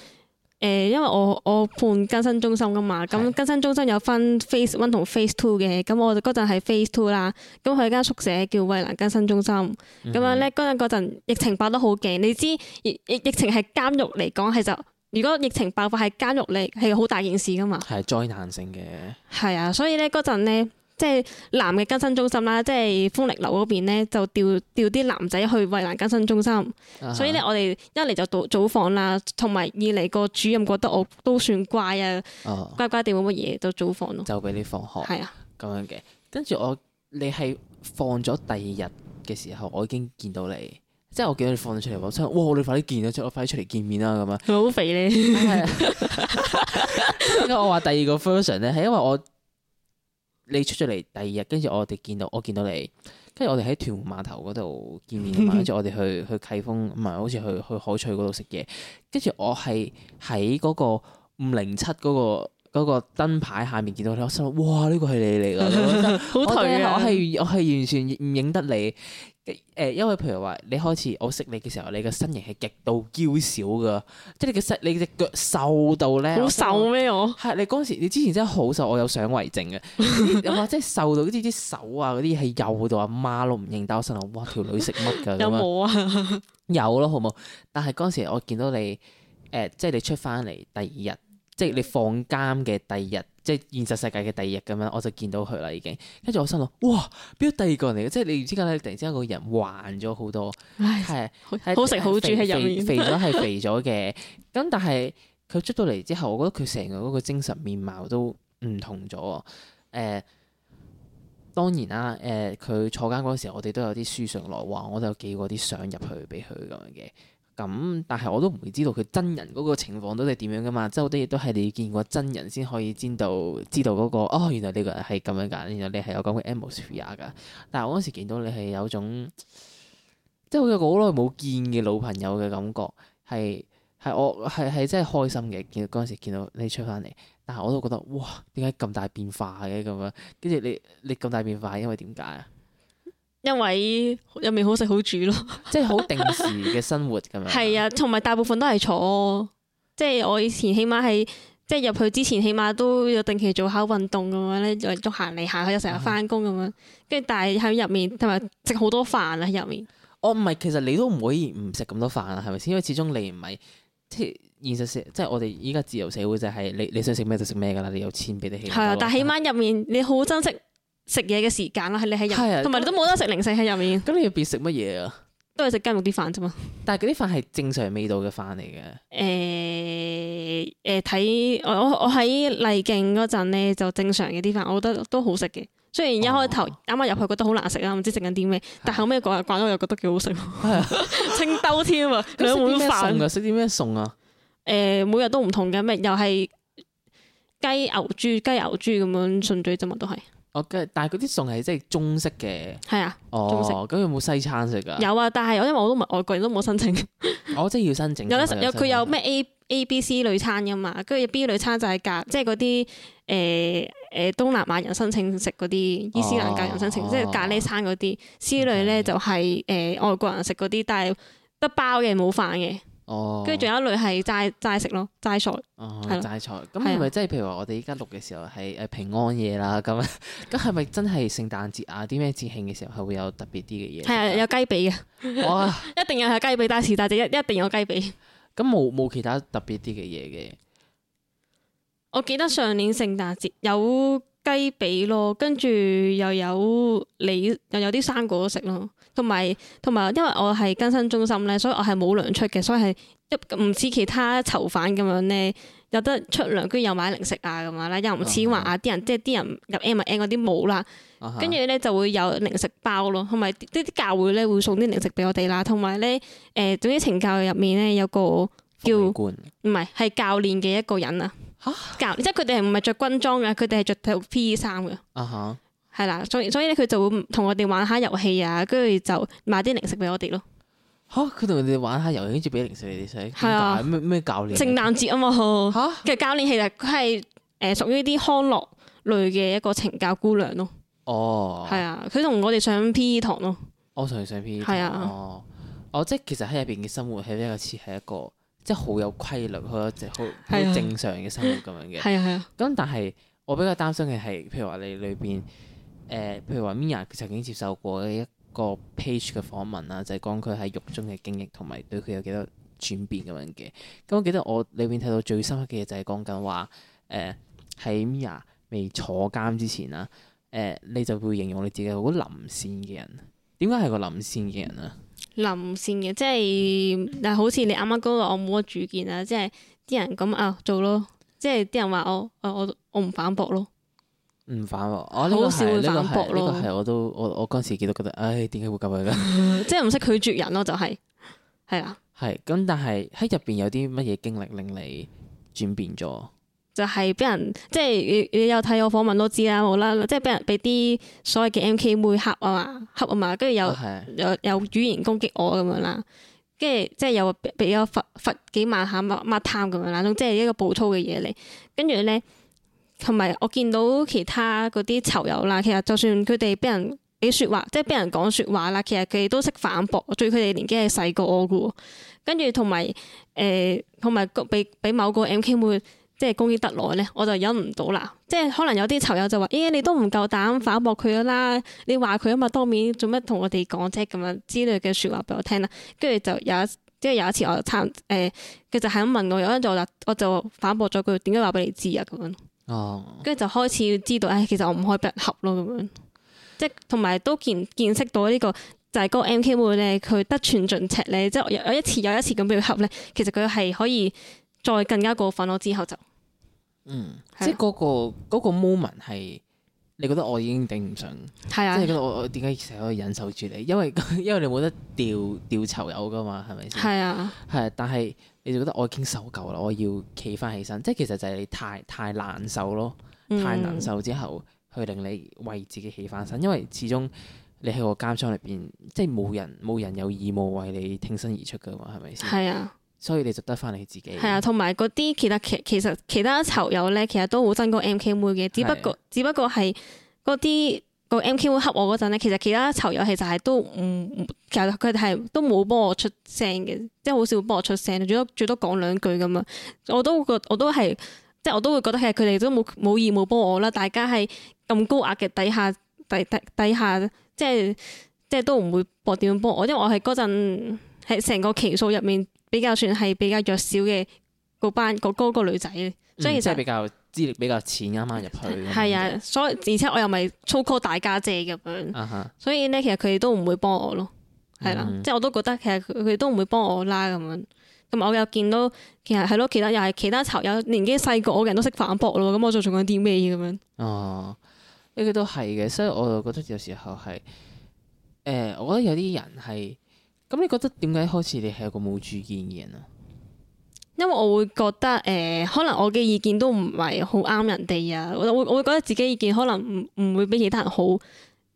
誒、呃，因為我我判更生中心噶嘛，咁的更生中心有分 phase one 同 phase two 嘅，咁我嗰陣係 phase two 啦，咁佢間宿舍叫蔚蘭更生中心，咁、嗯、哼樣咧嗰陣疫情爆得好勁，你知疫疫情係監獄嚟講係就，如果疫情爆發係監獄嚟，係好大件事噶嘛，係災難性嘅，係啊，所以咧嗰陣咧。即係男嘅更生中心啦，即係豐力樓嗰邊咧，就調調啲男仔去衛蘭更生中心。中心啊、所以咧，我哋一嚟就到早放啦，同埋二嚟個主任覺得我都算乖啊，乖乖哋冇乜嘢，就早放咯。就俾你放學。係是啊，咁樣嘅。跟住我，你係放咗第二日嘅時候，我已經見到你，即係我見到你放咗出嚟，我出，哇！你快啲見到，出，我快啲出嚟見面啦，咁啊。好肥因你。我話第二個 version 咧，係因為我。你出咗嚟第二日，跟住我哋見到，我見到你，跟住我哋喺屯門碼頭嗰度見面，跟住 (laughs) 我哋去去啟豐，唔係好似去去海翠嗰度食嘢，跟住我係喺嗰個五零七嗰個嗰、嗰個、燈牌下面見到你，我心諗哇呢個係你嚟㗎，好頹 (laughs) 啊！我係、就係、我係完全唔認，認得你。誒，因為譬如話，你開始我識你嘅時候，你嘅身形係極度嬌小㗎，即係你嘅身，你嘅腳瘦到咧，好瘦咩？我係你嗰時，你之前真係好瘦，我有相為證嘅，又話真係瘦到啲手啊嗰啲係幼到阿媽都唔認得。我成日話：哇，條女食乜㗎？ (laughs) 有冇啊，有咯，好冇。但係嗰時我見到你，誒、呃，即係你出翻嚟第二日，即係你放監嘅第二日。即係現實世界嘅第二日咁樣，我就見到佢啦已經。跟住我心諗，哇，變咗第二個人嚟嘅？即係你唔知點解，突然之間個人還咗好多，係唉是好食好，肥好住喺入面，肥咗係肥咗嘅。咁 (laughs) 但係佢出到嚟之後，我覺得佢成個嗰個精神面貌都唔同咗啊。誒、呃，當然啦，誒、呃，佢坐監嗰陣時候，我哋都有啲書信來往，我都有寄過啲相入去俾佢咁樣嘅。咁，但係我都唔會知道佢真人嗰個情況到底點樣噶嘛？即係好多嘢都係你見過真人先可以知道、那個，知道嗰個哦，原來呢個人係咁樣噶，原來你係有咁嘅 atmosphere 噶。但係我嗰時見到你係有種，即係好似好耐冇見嘅老朋友嘅感覺，係係我係係真係開心嘅。見嗰陣時見到你出翻嚟，但係我都覺得哇，點解咁大變化嘅咁樣？跟住你你咁大變化，因為點解啊？因為入面好食好煮咯， (laughs) 即係好定時嘅生活咁樣。係 (laughs) 啊，同埋大部分都係坐，即係我以前起碼係，即係入去之前起碼都有定期做下運動咁樣咧，再行嚟行去又成日翻工咁樣。跟住但係喺入面同埋食好多飯喺入面。我唔係，其實你都唔可以唔食咁多飯啊，係咪先？因為始終你唔係即係現實社，即係我哋依家自由社會就係、是、你你想食咩就食咩噶啦，你有錢俾得起。係啊，但係起碼入面你好珍惜食嘢嘅時間咯，喺你喺入面，同埋你都冇得食零食喺入面。咁你入邊食乜嘢啊？都係食雞肉啲飯啫嘛。但係嗰啲飯係正常味道嘅飯嚟嘅。誒誒、欸，睇、呃、我我喺麗景嗰陣咧，就正常嘅啲飯，我覺得都好食嘅。雖然一開頭啱啱入去覺得好難食啦，唔知食緊啲咩，但後尾慣咗又覺得幾好食。係啊， (laughs) 清兜添了啊，兩碗飯。食啲咩餸啊？食啲咩餸啊？誒，每日都唔同嘅，咩又係雞牛豬雞牛豬咁樣順嘴啫嘛，都係。我嘅，okay，但係嗰啲仲係即係中式嘅。係啊，哦、中式。咁有冇西餐食噶、啊？有啊，但係我因為我都唔係外國人都冇申請。我、哦、即係要申請，有申請。有得有佢有咩 A、A、B、C 類餐噶嘛，跟住 B 類餐就係咖，即係嗰啲誒誒東南亞人申請食嗰啲、哦、伊斯蘭教人申請，哦、即係咖喱餐嗰啲。C 類咧就係、是、誒、呃、外國人食嗰啲，但係得包嘅冇飯嘅。哦，跟住仲有一類係齋齋食咯，齋菜。哦，係齋菜，咁係咪即係譬如話我哋依家錄嘅時候係誒平安夜啦咁，咁係咪真係聖誕節啊？啲咩節慶嘅時候係會有特別啲嘅嘢？係啊，有雞髀啊！一定有係雞髀，但係聖誕節一一定有雞髀。咁冇冇其他特別啲嘅嘢嘅？我記得上年聖誕節有雞髀咯，跟住又有梨，又有啲生果食咯。同埋同埋，因為我係更生中心咧，所以我係冇糧出嘅，所以係一唔似其他囚犯咁樣咧，有得出糧，居然又買零食啊咁樣啦，又唔似話啊啲人，啊、哈 即係啲人入 M o N 嗰啲冇啦，跟住咧就會有零食包咯，同埋呢啲教會咧會送啲零食俾我哋啦，同埋咧誒總之，懲教入面咧有個叫唔係係教練嘅一個人啊哈 教，教即係佢哋係唔係着軍裝嘅，佢哋係着套 P 衫嘅哈 係啦，所以所以咧，佢就會同我哋玩下遊戲啊，跟住就買啲零食俾我哋咯。吓，佢同我哋玩下遊戲，先至俾零食你哋食，係啊？咩咩教練？聖誕節啊嘛，吓？其實教練其實佢係誒屬於啲康樂類嘅一個懲教姑娘咯。哦，係啊，佢同我哋上 P.E. 堂咯。我同佢上 P.E. 堂係啊，哦，即係其實喺入邊嘅生活係比較似係一個即係好有規律，好即係好正常嘅生活咁樣嘅。係啊，係啊。咁但係我比較擔心嘅係，譬如話你裏邊。誒、呃，譬如話 Mia 曾經接受過一個 page 嘅訪問啊，就係講佢喺獄中嘅經歷同埋對佢有幾多轉變咁樣嘅。咁我記得我裏面睇到最深刻嘅嘢，就係講緊話，誒喺 Mia 未坐監之前啦，誒、呃、你就會形容你自己好臨線嘅人。點解係個臨線嘅人啊？臨線嘅即係嗱，好似你啱啱講到我冇乜主見啦，即係啲人咁啊做咯，即係啲人話我，誒我我唔反駁咯。唔反駁，我好少反駁，呢個係，呢個係，呢個係我都我我嗰時幾多覺得，唉，點解會咁樣咧？即係唔識拒絕人咯，就係、是、係啊。係咁、啊，啊、但係喺入邊有啲乜嘢經歷令你轉變咗？就係俾人即係你你有睇我訪問都知啦，好啦即係俾人俾啲所謂嘅 MK 妹恰啊嘛，恰啊嘛，跟住又又又語言攻擊我咁樣啦，跟住即係又俾咗罰罰幾萬下，抹抹貪咁樣啦，即係一個暴粗嘅嘢嚟。跟住咧。同埋我見到其他嗰啲囚友啦，其實就算佢哋俾人俾説話，即係俾人講説話啦，其實佢哋都識反駁。我最佢哋年紀係細過我嘅，跟住同埋誒同埋俾俾某個 MK 會即係攻擊得耐咧，我就忍唔到啦。即係可能有啲囚友就話：咦、欸，你都唔夠膽反駁佢嘅啦，你話佢啊嘛，當面做乜同我哋講啫咁樣之類嘅説話俾我聽啦。跟住就有一即係有一次我、呃、就參誒，佢就係咁問我，有陣就我就反駁咗佢：點解話俾你知啊？咁樣。哦，跟住就開始知道，唉、哎，其實我唔可以俾人恰咯，咁樣即係同埋都見見識到、這個就是、個呢個就係嗰個 M K 妹咧，佢得寸進尺咧，即係有一次又一次咁俾佢恰咧，其實佢係可以再更加過分咯。之後就嗯，是啊、即係嗰、那個、那個、moment 係，你覺得我已經頂唔順，係是啊，即係覺得我我點解成日可以忍受住你？因為因為你冇得掉掉囚友噶嘛，係咪先？係是啊，啊，但係。你就覺得我已經受夠啦，我要企翻起身。即係其實就係你太太難受咯，太難受之後去令你為自己企翻身。因為始終你喺個監倉入邊，即係冇人冇人有義務為你挺身而出㗎嘛，係咪先？係啊，所以你就得翻你自己。係啊，同埋嗰啲其他其其實其，其他囚友咧，其實都好憎個 M K 妹嘅，只不過、啊、只不過係嗰啲。個 M.K. 會恰我嗰陣咧，其實其他囚友其實係都唔，其實佢哋係都冇幫我出聲嘅，即係好少幫我出聲，最多最多講兩句咁啊！我都覺得，我都係，即係我都會覺得係佢哋都冇冇義務幫我啦。大家係咁高壓嘅底下底底底下，即係即係都唔會博點樣幫我，因為我係嗰陣喺成個期數入面比較算係比較弱小嘅嗰班嗰嗰、嗰個女仔，所以其實、嗯、即係比較。資歷比較淺，啱啱入去，係啊，所以而且我又咪粗 call 大家姐咁樣，uh huh. 所以咧其實佢哋都唔會幫我咯，係啦，mm hmm. 即係我都覺得其實佢哋都唔會幫我啦咁樣，咁我又見到其實係咯，其他又係其他仇友年紀細過我嘅人都識反駁咯，咁我做做緊啲咩嘢？咁樣？哦，呢個都係嘅，所以我就覺得有時候係，誒、呃，我覺得有啲人係，咁你覺得點解開始你係一個冇主見嘅人啊？因為我會覺得誒、呃，可能我嘅意見都唔係好啱人哋啊！我會我會覺得自己意見可能唔唔會比其他人好，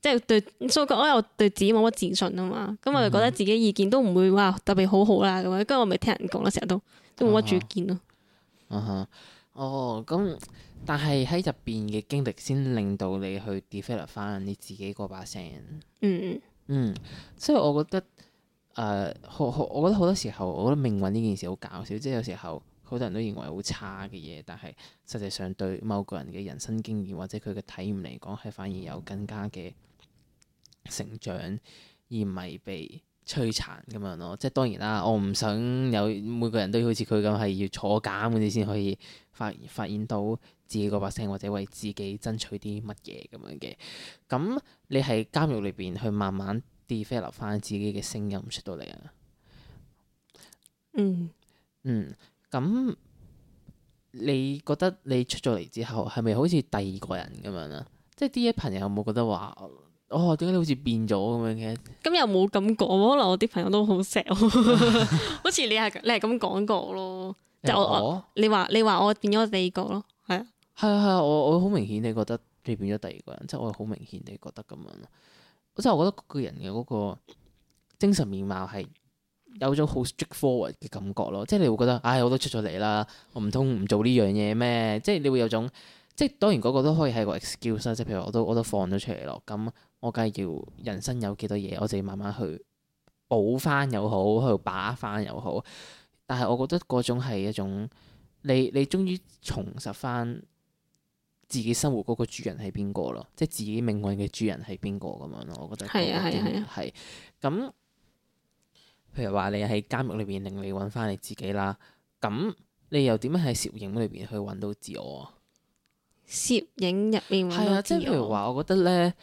即、就、係、是、對，所以我又對自己冇乜自信啊嘛。咁我、嗯、哼就覺得自己意見都唔會話特別好好啦。咁跟住我咪聽人講咯，成日都都冇乜主見咯。啊、嗯嗯、哦，咁但係喺入邊嘅經歷先令到你去 develop 翻你自己嗰把聲。嗯嗯嗯，即係、嗯、我覺得。誒，uh，好好，我覺得好多時候，我覺得命運呢件事好搞笑，即係有時候好多人都認為好差嘅嘢，但係實際上對某個人嘅人生經驗或者佢嘅體驗嚟講，係反而有更加嘅成長，而唔係被摧殘咁樣咯。即係當然啦，我唔想有每個人都好似佢咁係要坐監嗰啲先可以發發現到自己個把聲，或者為自己爭取啲乜嘢咁樣嘅。咁你喺監獄裏邊去慢慢。留翻自己嘅聲音出到嚟啊，嗯嗯，咁、嗯、你覺得你出咗嚟之後係咪好似第二個人咁樣啊？即係啲朋友有冇覺得話，哦，點解你好似變咗咁、嗯 (noise) 嗯、樣嘅？咁、嗯、又冇感覺，可能我啲朋友都 (laughs) 好錫，好似你係你係咁講過咯，即係我你話你話我變咗第二個咯，係啊係啊係啊，我我好明顯你覺得你變咗第二個人，即係我好明顯你覺得咁樣。我真係覺得嗰個人嘅嗰個精神面貌係有種好 straightforward 嘅感覺咯，即係你會覺得，唉、哎，我都出咗嚟啦，我唔通唔做呢樣嘢咩？即係你會有種，即係當然嗰個都可以係個 excuse，即係譬如我都我都放咗出嚟咯，咁我梗係要人生有幾多嘢，我就要慢慢去補翻又好，去把翻又好。但係我覺得嗰種係一種，你你終於重拾翻。自己生活嗰個主人係邊個咯？即係自己命運嘅主人係邊個咁樣咯？我覺得係啊，係 (noise) 啊樂，係啊，係。 (music) 咁譬、 (music) 嗯、如話，你喺監獄裏邊令你揾翻你自己啦。咁你又點樣喺攝影裏邊去揾到自我？攝影入面係啊，即係譬如話，我覺得咧，誒、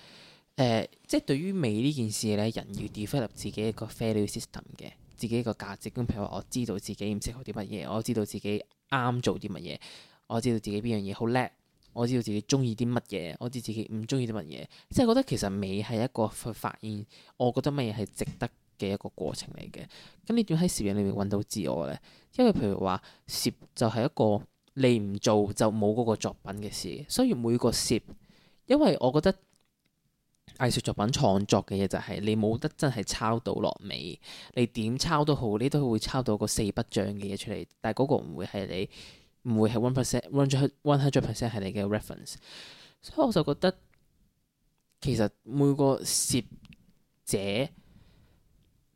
呃，即係對於美呢件事咧，人要 develop 自己一個 value system 嘅，自己一個價值。咁譬如話，我知道自己唔適合啲乜嘢，我知道自己啱做啲乜嘢，我知道自己邊樣嘢好叻。我知道自己中意啲乜嘢，我知自己唔中意啲乜嘢，即係覺得其實美係一個去發現我覺得乜嘢係值得嘅一個過程嚟嘅。咁你點喺攝影裏面揾到自我呢？因為譬如話攝就係一個你唔做就冇嗰個作品嘅事，所以每個攝，因為我覺得藝術作品創作嘅嘢就係你冇得真係抄到落尾，你點抄都好，你都會抄到個四不像嘅嘢出嚟，但係嗰個唔會係你。唔會係 one percent，one one hundred percent 係你嘅 reference，所以我就覺得其實每個攝者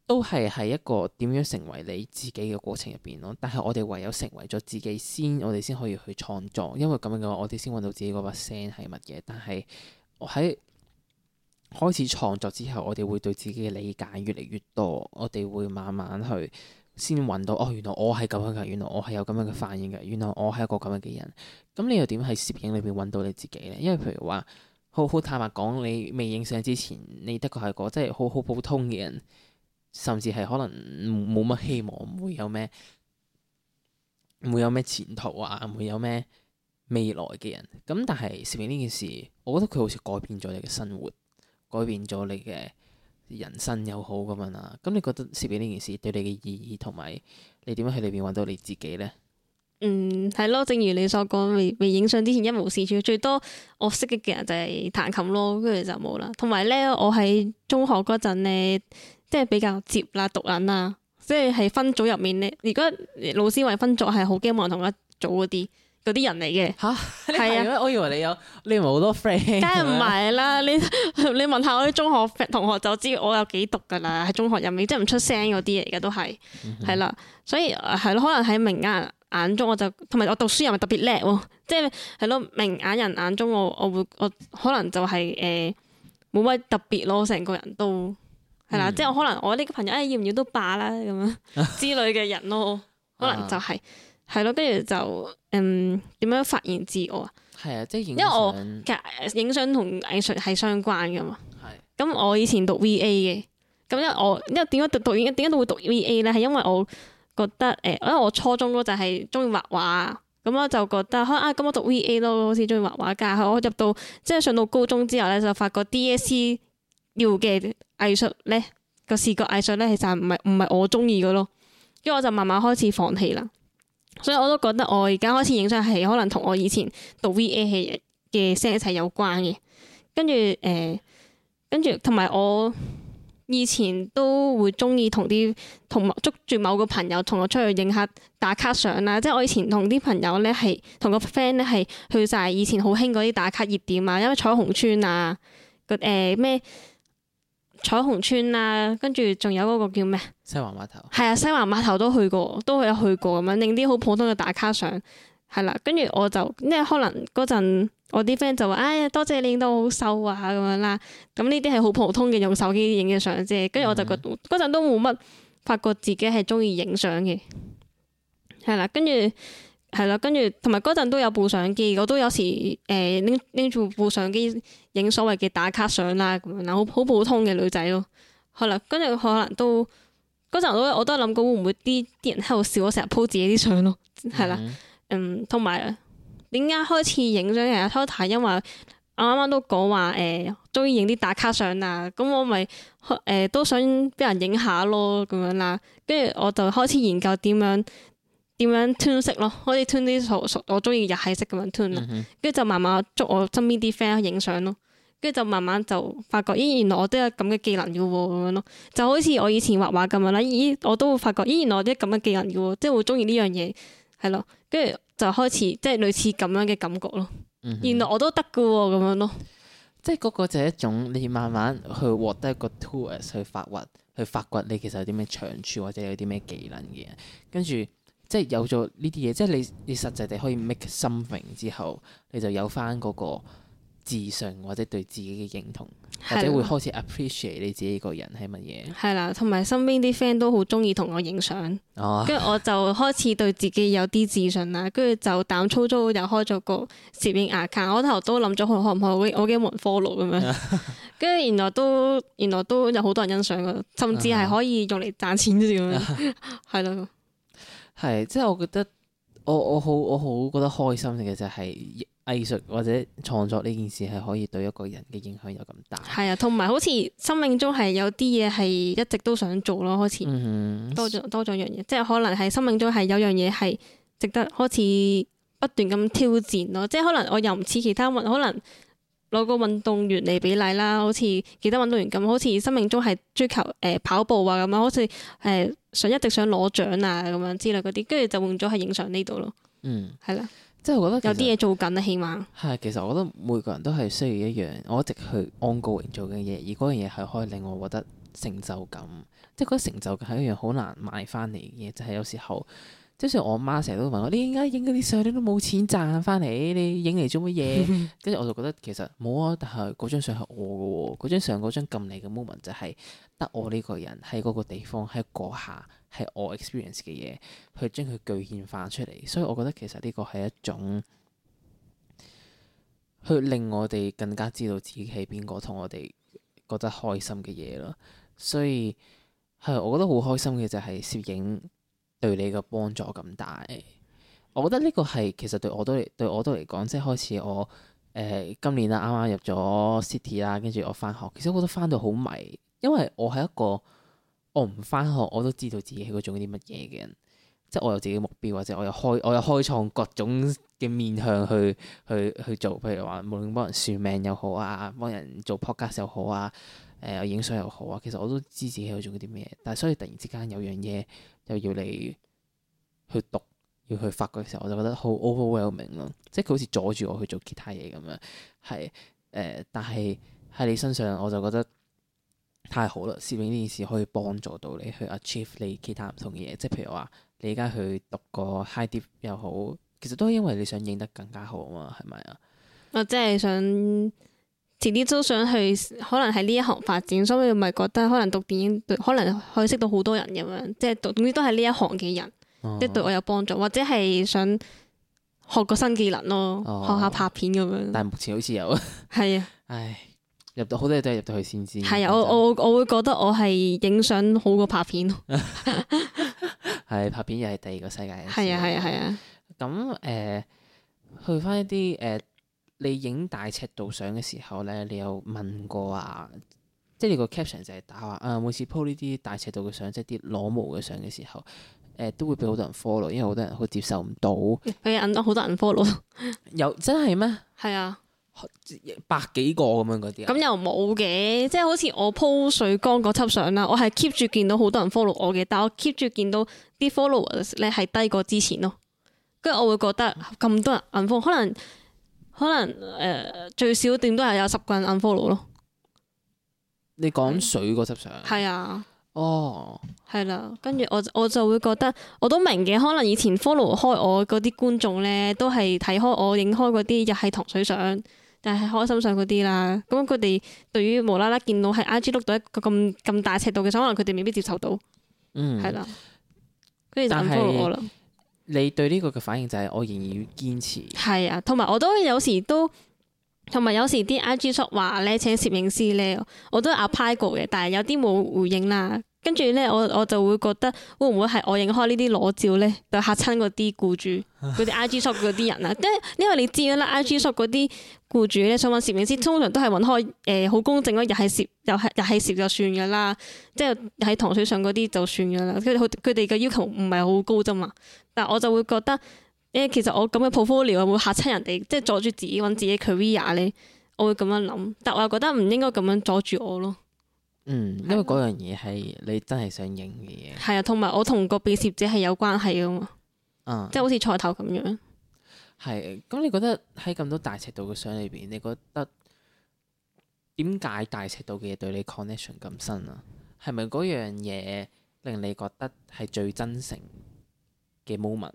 都係喺一個點樣成為你自己嘅過程入邊咯。但係我哋唯有成為咗自己先，我哋先可以去創作。因為咁樣嘅話，我哋先揾到自己嗰 percent 係乜嘢。但係我喺開始創作之後，我哋會對自己嘅理解越嚟越多，我哋會慢慢去。先揾到哦，原來我係咁樣嘅，原來我係有咁樣嘅反應嘅，原來我係一個咁樣嘅人。咁你又點喺攝影裏邊揾到你自己呢？因為譬如話，好好坦白講，你未影相之前，你的確係個即係好好普通嘅人，甚至係可能冇乜希望，唔會有咩，唔會有咩前途啊，唔會有咩未來嘅人。咁但係攝影呢件事，我覺得佢好似改變咗你嘅生活，改變咗你嘅。人生又好咁樣啊。咁你覺得攝影呢件事對你嘅意義同埋，你點樣喺裏邊揾到你自己呢？嗯，係咯，正如你所講，未未影相之前一無是處，最多我識嘅人就係彈琴咯，跟住就冇啦。同埋呢，我喺中學嗰陣咧，即係比較接啦，讀緊啦、啊，即係係分組入面呢。如果老師話分組係好驚，冇人同一組嗰啲。嗰啲人嚟嘅嚇，係啊！啊我以為你有，你唔係好多 friend、啊。梗係唔係啦？你你問下我啲中學同學就知我有幾毒噶啦，喺中學入面即係唔出聲嗰啲嚟嘅都係係啦。所以係咯、啊，可能喺明眼人眼中我就同埋我讀書又咪特別叻喎，即係係咯明眼人眼中我我會我可能就係誒冇乜特別咯，成個人都係啦。啊嗯、即係我可能我呢個朋友誒、哎、要唔要都罷啦咁樣之類嘅人咯，可能就係、是。啊啊。係咯，跟住就嗯，點樣發現自我係啊，即係影，因為我其實影相同藝術係相關噶嘛。係咁的，我以前讀 V A 嘅，咁，因為我因為點解讀讀點解都會讀 V A 咧？係因為我覺得誒，因為我初中嗰陣係中意畫畫，咁我就覺得可啊，咁、啊、我讀 V A 咯，好似中意畫畫。但係我入到即係上到高中之後咧，就發覺 D S E 要嘅藝術咧個視覺藝術咧，其實唔係唔係我中意嘅咯，因為我就慢慢開始放棄啦。所以我都覺得我而家開始影相係可能同我以前讀 V A 嘅聲一齊有關嘅，跟住誒，跟住同埋我以前都會鍾意同啲同捉住某個朋友同我出去影下打卡相啦，即係我以前同啲朋友咧係同個 friend 咧係去晒以前好興嗰啲打卡熱點啊，因為彩虹村啊個咩。呃彩虹村啦，跟住仲有嗰個叫咩？西環碼頭係啊，西環碼頭都去過，都係有去過咁樣，影啲好普通嘅打卡相，係啦。跟住我就，因為可能嗰陣我啲 friend 就話，哎呀，多謝你影到我好瘦啊咁樣啦。咁呢啲係好普通嘅，用手機影嘅相啫。跟住我就覺得，嗰陣、嗯、都冇乜發覺自己係中意影相嘅，係啦。跟住。係啦，跟住同埋嗰陣都有部相機，我都有時誒拎、拎住部相機影所謂嘅打卡相啦，咁樣啦，好好普通嘅女仔咯。可能跟住可能都嗰陣都我都諗過會唔會啲啲人喺度笑我成日 po 自己啲相咯，係啦，嗯，同埋點解開始影相嘅？初睇因為我啱啱都講話誒，中意影啲打卡相啦，咁我咪誒、呃、都想俾人影下咯，咁樣啦，跟住我就開始研究點樣。點樣調色咯，可以調啲熟熟，我中意日系色咁樣調啦。跟住就慢慢捉我身邊啲 friend 影相咯。跟住就慢慢就發覺咦，原來我都有咁嘅技能噶喎，咁樣咯。就好似我以前畫畫咁樣啦。咦，我都會發覺咦，原來我都有咁嘅技能噶喎，即係會中意呢樣嘢係咯。跟住就開始即係類似咁樣嘅感覺咯。原來我都得噶喎，咁樣咯。嗯、哼即係嗰個就係一種你慢慢去獲得一個 tools 去發掘，去發掘你其實有啲咩長處或者有啲咩技能嘅，跟住。即係有咗呢啲嘢，即係你你實際地可以 make something 之後，你就有翻嗰個自信或者對自己嘅認同，是的 或者會開始 appreciate 你自己個人係乜嘢。係啦，同埋身邊啲 friend 都好中意同我影相，跟住、哦、我就開始對自己有啲自信啦。跟住 (laughs) 就膽粗粗又開咗個攝影 account，我頭都諗咗可可唔可以我嘅門科路咁樣。跟住 (laughs) 原來都原來都有好多人欣賞嘅，甚至係可以用嚟賺錢先咁樣，係咯。係，即係我覺得我我好我好覺得開心嘅就係藝術或者創作呢件事係可以對一個人嘅影響有咁大。係啊，同埋好似生命中係有啲嘢係一直都想做咯，好似多咗，嗯、哼多咗樣嘢，即係可能係生命中係有樣嘢係值得開始不斷咁挑戰咯。即係可能我又唔似其他可能攞個運動員嚟比例啦，好似其他運動員咁，好似生命中係追求誒、呃、跑步啊咁樣，好似誒。呃想一直想攞獎啊，咁樣之類嗰啲，跟住就換咗係影相呢度咯。嗯，係啦的，即係我覺得有啲嘢做緊啊，起碼係。其實我覺得每個人都係需要一樣，我一直去安哥榮做嘅嘢，而嗰樣嘢係可以令我獲得成就感。即係覺得成就感係一樣好難買翻嚟嘅嘢，就係、是、有時候。即係我阿媽成日都問我：你點解影嗰啲相？你都冇錢賺翻嚟，你影嚟做乜嘢？跟住我就覺得其實冇啊，但係嗰張相係我嘅喎、哦，嗰張相嗰張撳嚟嘅 moment 就係、是、得我呢個人喺嗰個地方喺嗰下係我 experience 嘅嘢，去將佢具現化出嚟。所以我覺得其實呢個係一種去令我哋更加知道自己係邊個，同我哋覺得開心嘅嘢咯。所以係、嗯、我覺得好開心嘅就係攝影。對你嘅幫助咁大，我覺得呢個係其實對我都對我都嚟講，即係開始我誒、呃、今年啦，啱啱入咗 city 啦，跟住我翻學，其實我覺得翻到好迷，因為我係一個我唔翻學我都知道自己喺度做緊啲乜嘢嘅人，即係我有自己目標，或者我有開我有開創各種嘅面向去去去做，譬如話無論幫人算命又好啊，幫人做 podcast 又好啊，誒影相又好啊，其實我都知自己喺度做緊啲咩，但係所以突然之間有樣嘢。又要你去讀，要去發掘嘅時候，我就覺得好 overwhelming 咯，即係佢好似阻住我去做其他嘢咁樣。係誒、呃，但係喺你身上，我就覺得太好啦！攝影呢件事可以幫助到你去 achieve 你其他唔同嘅嘢，即係譬如話你而家去讀個 high deep 又好，其實都係因為你想影得更加好啊嘛，係咪啊？我即係想。遲啲都想去，可能喺呢一行發展，所以咪覺得可能讀電影，可能可以識到好多人咁樣，即係總之都係呢一行嘅人，哦、即係對我有幫助，或者係想學個新技能咯，哦、學下拍片咁樣。但係目前好似有。係是啊。唉，入到好多嘢都係入到去先知。係啊，我我我，我會覺得我係影相好過拍片咯。係、 (laughs) (laughs) 啊、拍片又係第二個世界。係啊係啊係啊。咁誒、啊啊， (laughs) 去翻一啲誒。呃你影大尺度相嘅時候咧，你有問過啊？即係你個 caption 就係打話啊，每次 po 呢啲大尺度嘅相，即係啲裸模嘅相嘅時候，誒、呃、都會俾好多人 follow，因為好多人佢接受唔到。俾銀多，好多人 follow。又 (laughs) 真係咩？係啊，百幾個咁樣嗰啲。咁又冇嘅，即係好似我 po 水缸嗰輯相啦，我係 keep 住見到好多人 follow 我嘅，但我 keep 住見到啲 followers 咧係低過之前咯。跟住我會覺得咁多人 (laughs) 可能。可能誒，最少點都係有十個人 unfollow 咯。你講水嗰執相係啊？哦，係啦。跟住我我就會覺得我都明嘅。可能以前 follow 開我嗰啲觀眾咧，都係睇開我影開嗰啲日系糖水相，但係開心相嗰啲啦。咁佢哋對於無啦啦見到係 I G 碌到一個咁咁大尺度嘅相，可能佢哋未必接受到。嗯，係啦，跟住就 unfollow 我啦。你對呢個嘅反應就係我仍然要堅持，係啊，同埋我都有時都，同埋有，有時啲 IG shop 話咧請攝影師咧，我都 apply 過嘅，但係有啲冇回應啦。跟住咧，我我就會覺得會唔會係我影開呢啲裸照咧，就嚇親嗰啲僱主、嗰啲 IG shop 嗰啲人啊？跟因為你知啦，IG shop 嗰啲僱主咧想揾攝影師，通常都係揾開誒好、呃、公正咯，日系攝又係日系攝就算噶啦，即係日系糖水相嗰啲就算噶啦。佢佢佢哋嘅要求唔係好高啫嘛。但我就會覺得誒、呃，其實我咁嘅 portfolio 會嚇親人哋，即係阻住自己揾自己 career 咧。我會咁樣諗，但我又覺得唔應該咁樣阻住我咯。嗯，因為嗰樣嘢係你真係想影嘅嘢。係啊，同埋我同個被攝者係有關係噶嘛，嗯、即係好似菜頭咁樣。係、啊，咁你覺得喺咁多大尺度嘅相裏邊，你覺得點解大尺度嘅嘢對你 connection 咁深啊？係咪嗰樣嘢令你覺得係最真誠嘅 moment？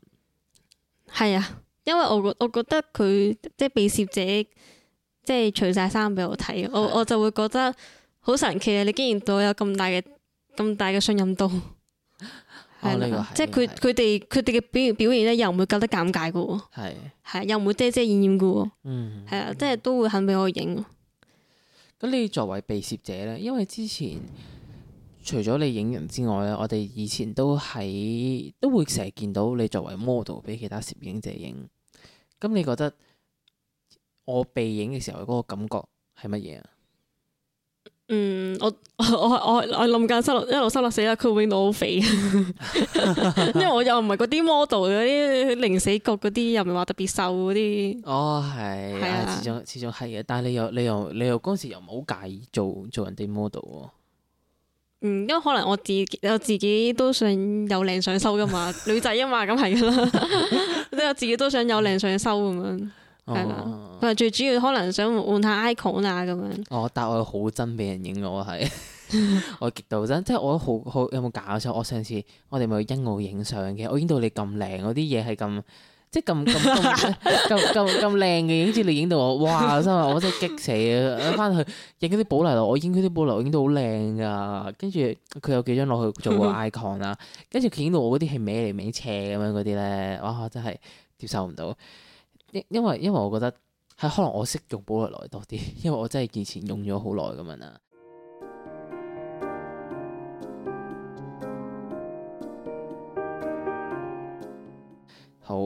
係啊，因為我我覺得佢即係被攝者，即係除晒衫俾我睇，啊、我我就會覺得。好神奇啊！你竟然對我有咁大嘅咁大嘅信任度，係 (laughs) 的、哦這個、即係佢佢哋佢哋嘅表表現咧，又唔會覺得尷尬噶，係係的又唔會遮遮掩掩噶，嗯，係啊的，嗯、即係都會肯俾我影。咁、嗯、你作為被攝者咧，因為之前除咗你影人之外咧，我哋以前都喺都會成日見到你作為 model 俾其他攝影者影。咁你覺得我被影嘅時候嗰個感覺係乜嘢啊？嗯，我我我我諗緊失落，一路失落死啦！佢會變到好肥，因為我又唔係嗰啲 model 嗰啲零死角嗰啲，又唔係話特別瘦嗰啲。哦，係，係始終始終係嘅，但係你又你又你又嗰時又唔好介意做做人哋 model。嗯，因為可能我自己我自己都想有靚相收噶嘛， (laughs) 女仔啊嘛，咁係噶啦，都 (laughs) 有自己都想有靚相收咁樣。係啦，佢、哦、最主要可能想換下 icon 啊，咁樣。哦，但我好憎俾人影我係，我極 (laughs) 度真，即係我好好有冇搞錯啊？我上次我哋咪去欣澳影相嘅，我影到你咁靚，我啲嘢係咁即係咁咁咁咁咁靚嘅， (laughs) 影住你影到我哇！真係我真係激死啊！翻去影嗰啲寶麗來，我影嗰啲寶麗來，影到好靚噶，跟住佢有幾張落去做個 icon 啊，跟住佢影到我啲係歪嚟歪斜咁樣嗰啲咧，哇！我真係接受唔到。因因為因為我覺得係可能我識用寶麗來多啲，因為我真係以前用咗 (music) 好耐咁樣啦。好、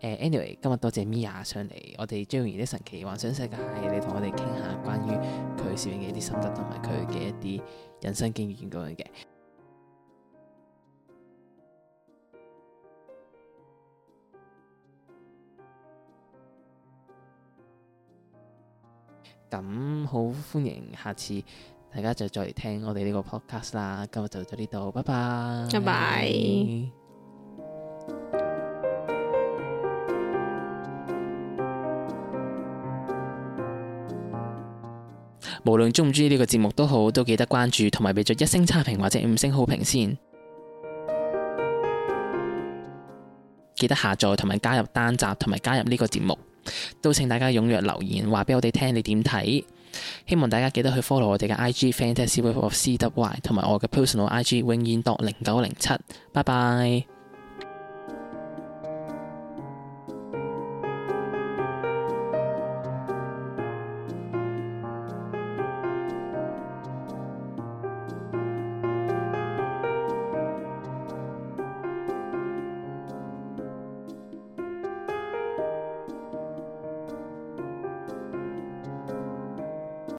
呃、anyway 今日多謝 Mia 上嚟，我哋《張若昀的神奇幻想世界》你同我哋傾下關於佢攝影嘅一啲心得同埋佢嘅一啲人生經驗咁樣嘅。咁好歡迎，下次大家就再嚟聽我哋呢個 podcast 啦。今日就到呢度，拜拜，拜拜 bye。無論鍾唔鍾意呢個節目都好，都記得關注同埋俾咗一星差評或者五星好評先。記得下載同埋加入單集同埋加入呢個節目。都請大家踴躍留言，話俾我哋聽你點睇？希望大家記得去 follow 我哋嘅 IG fantasy world of CWY，同埋我嘅 personal IG 永遠度零九零七，7，拜拜。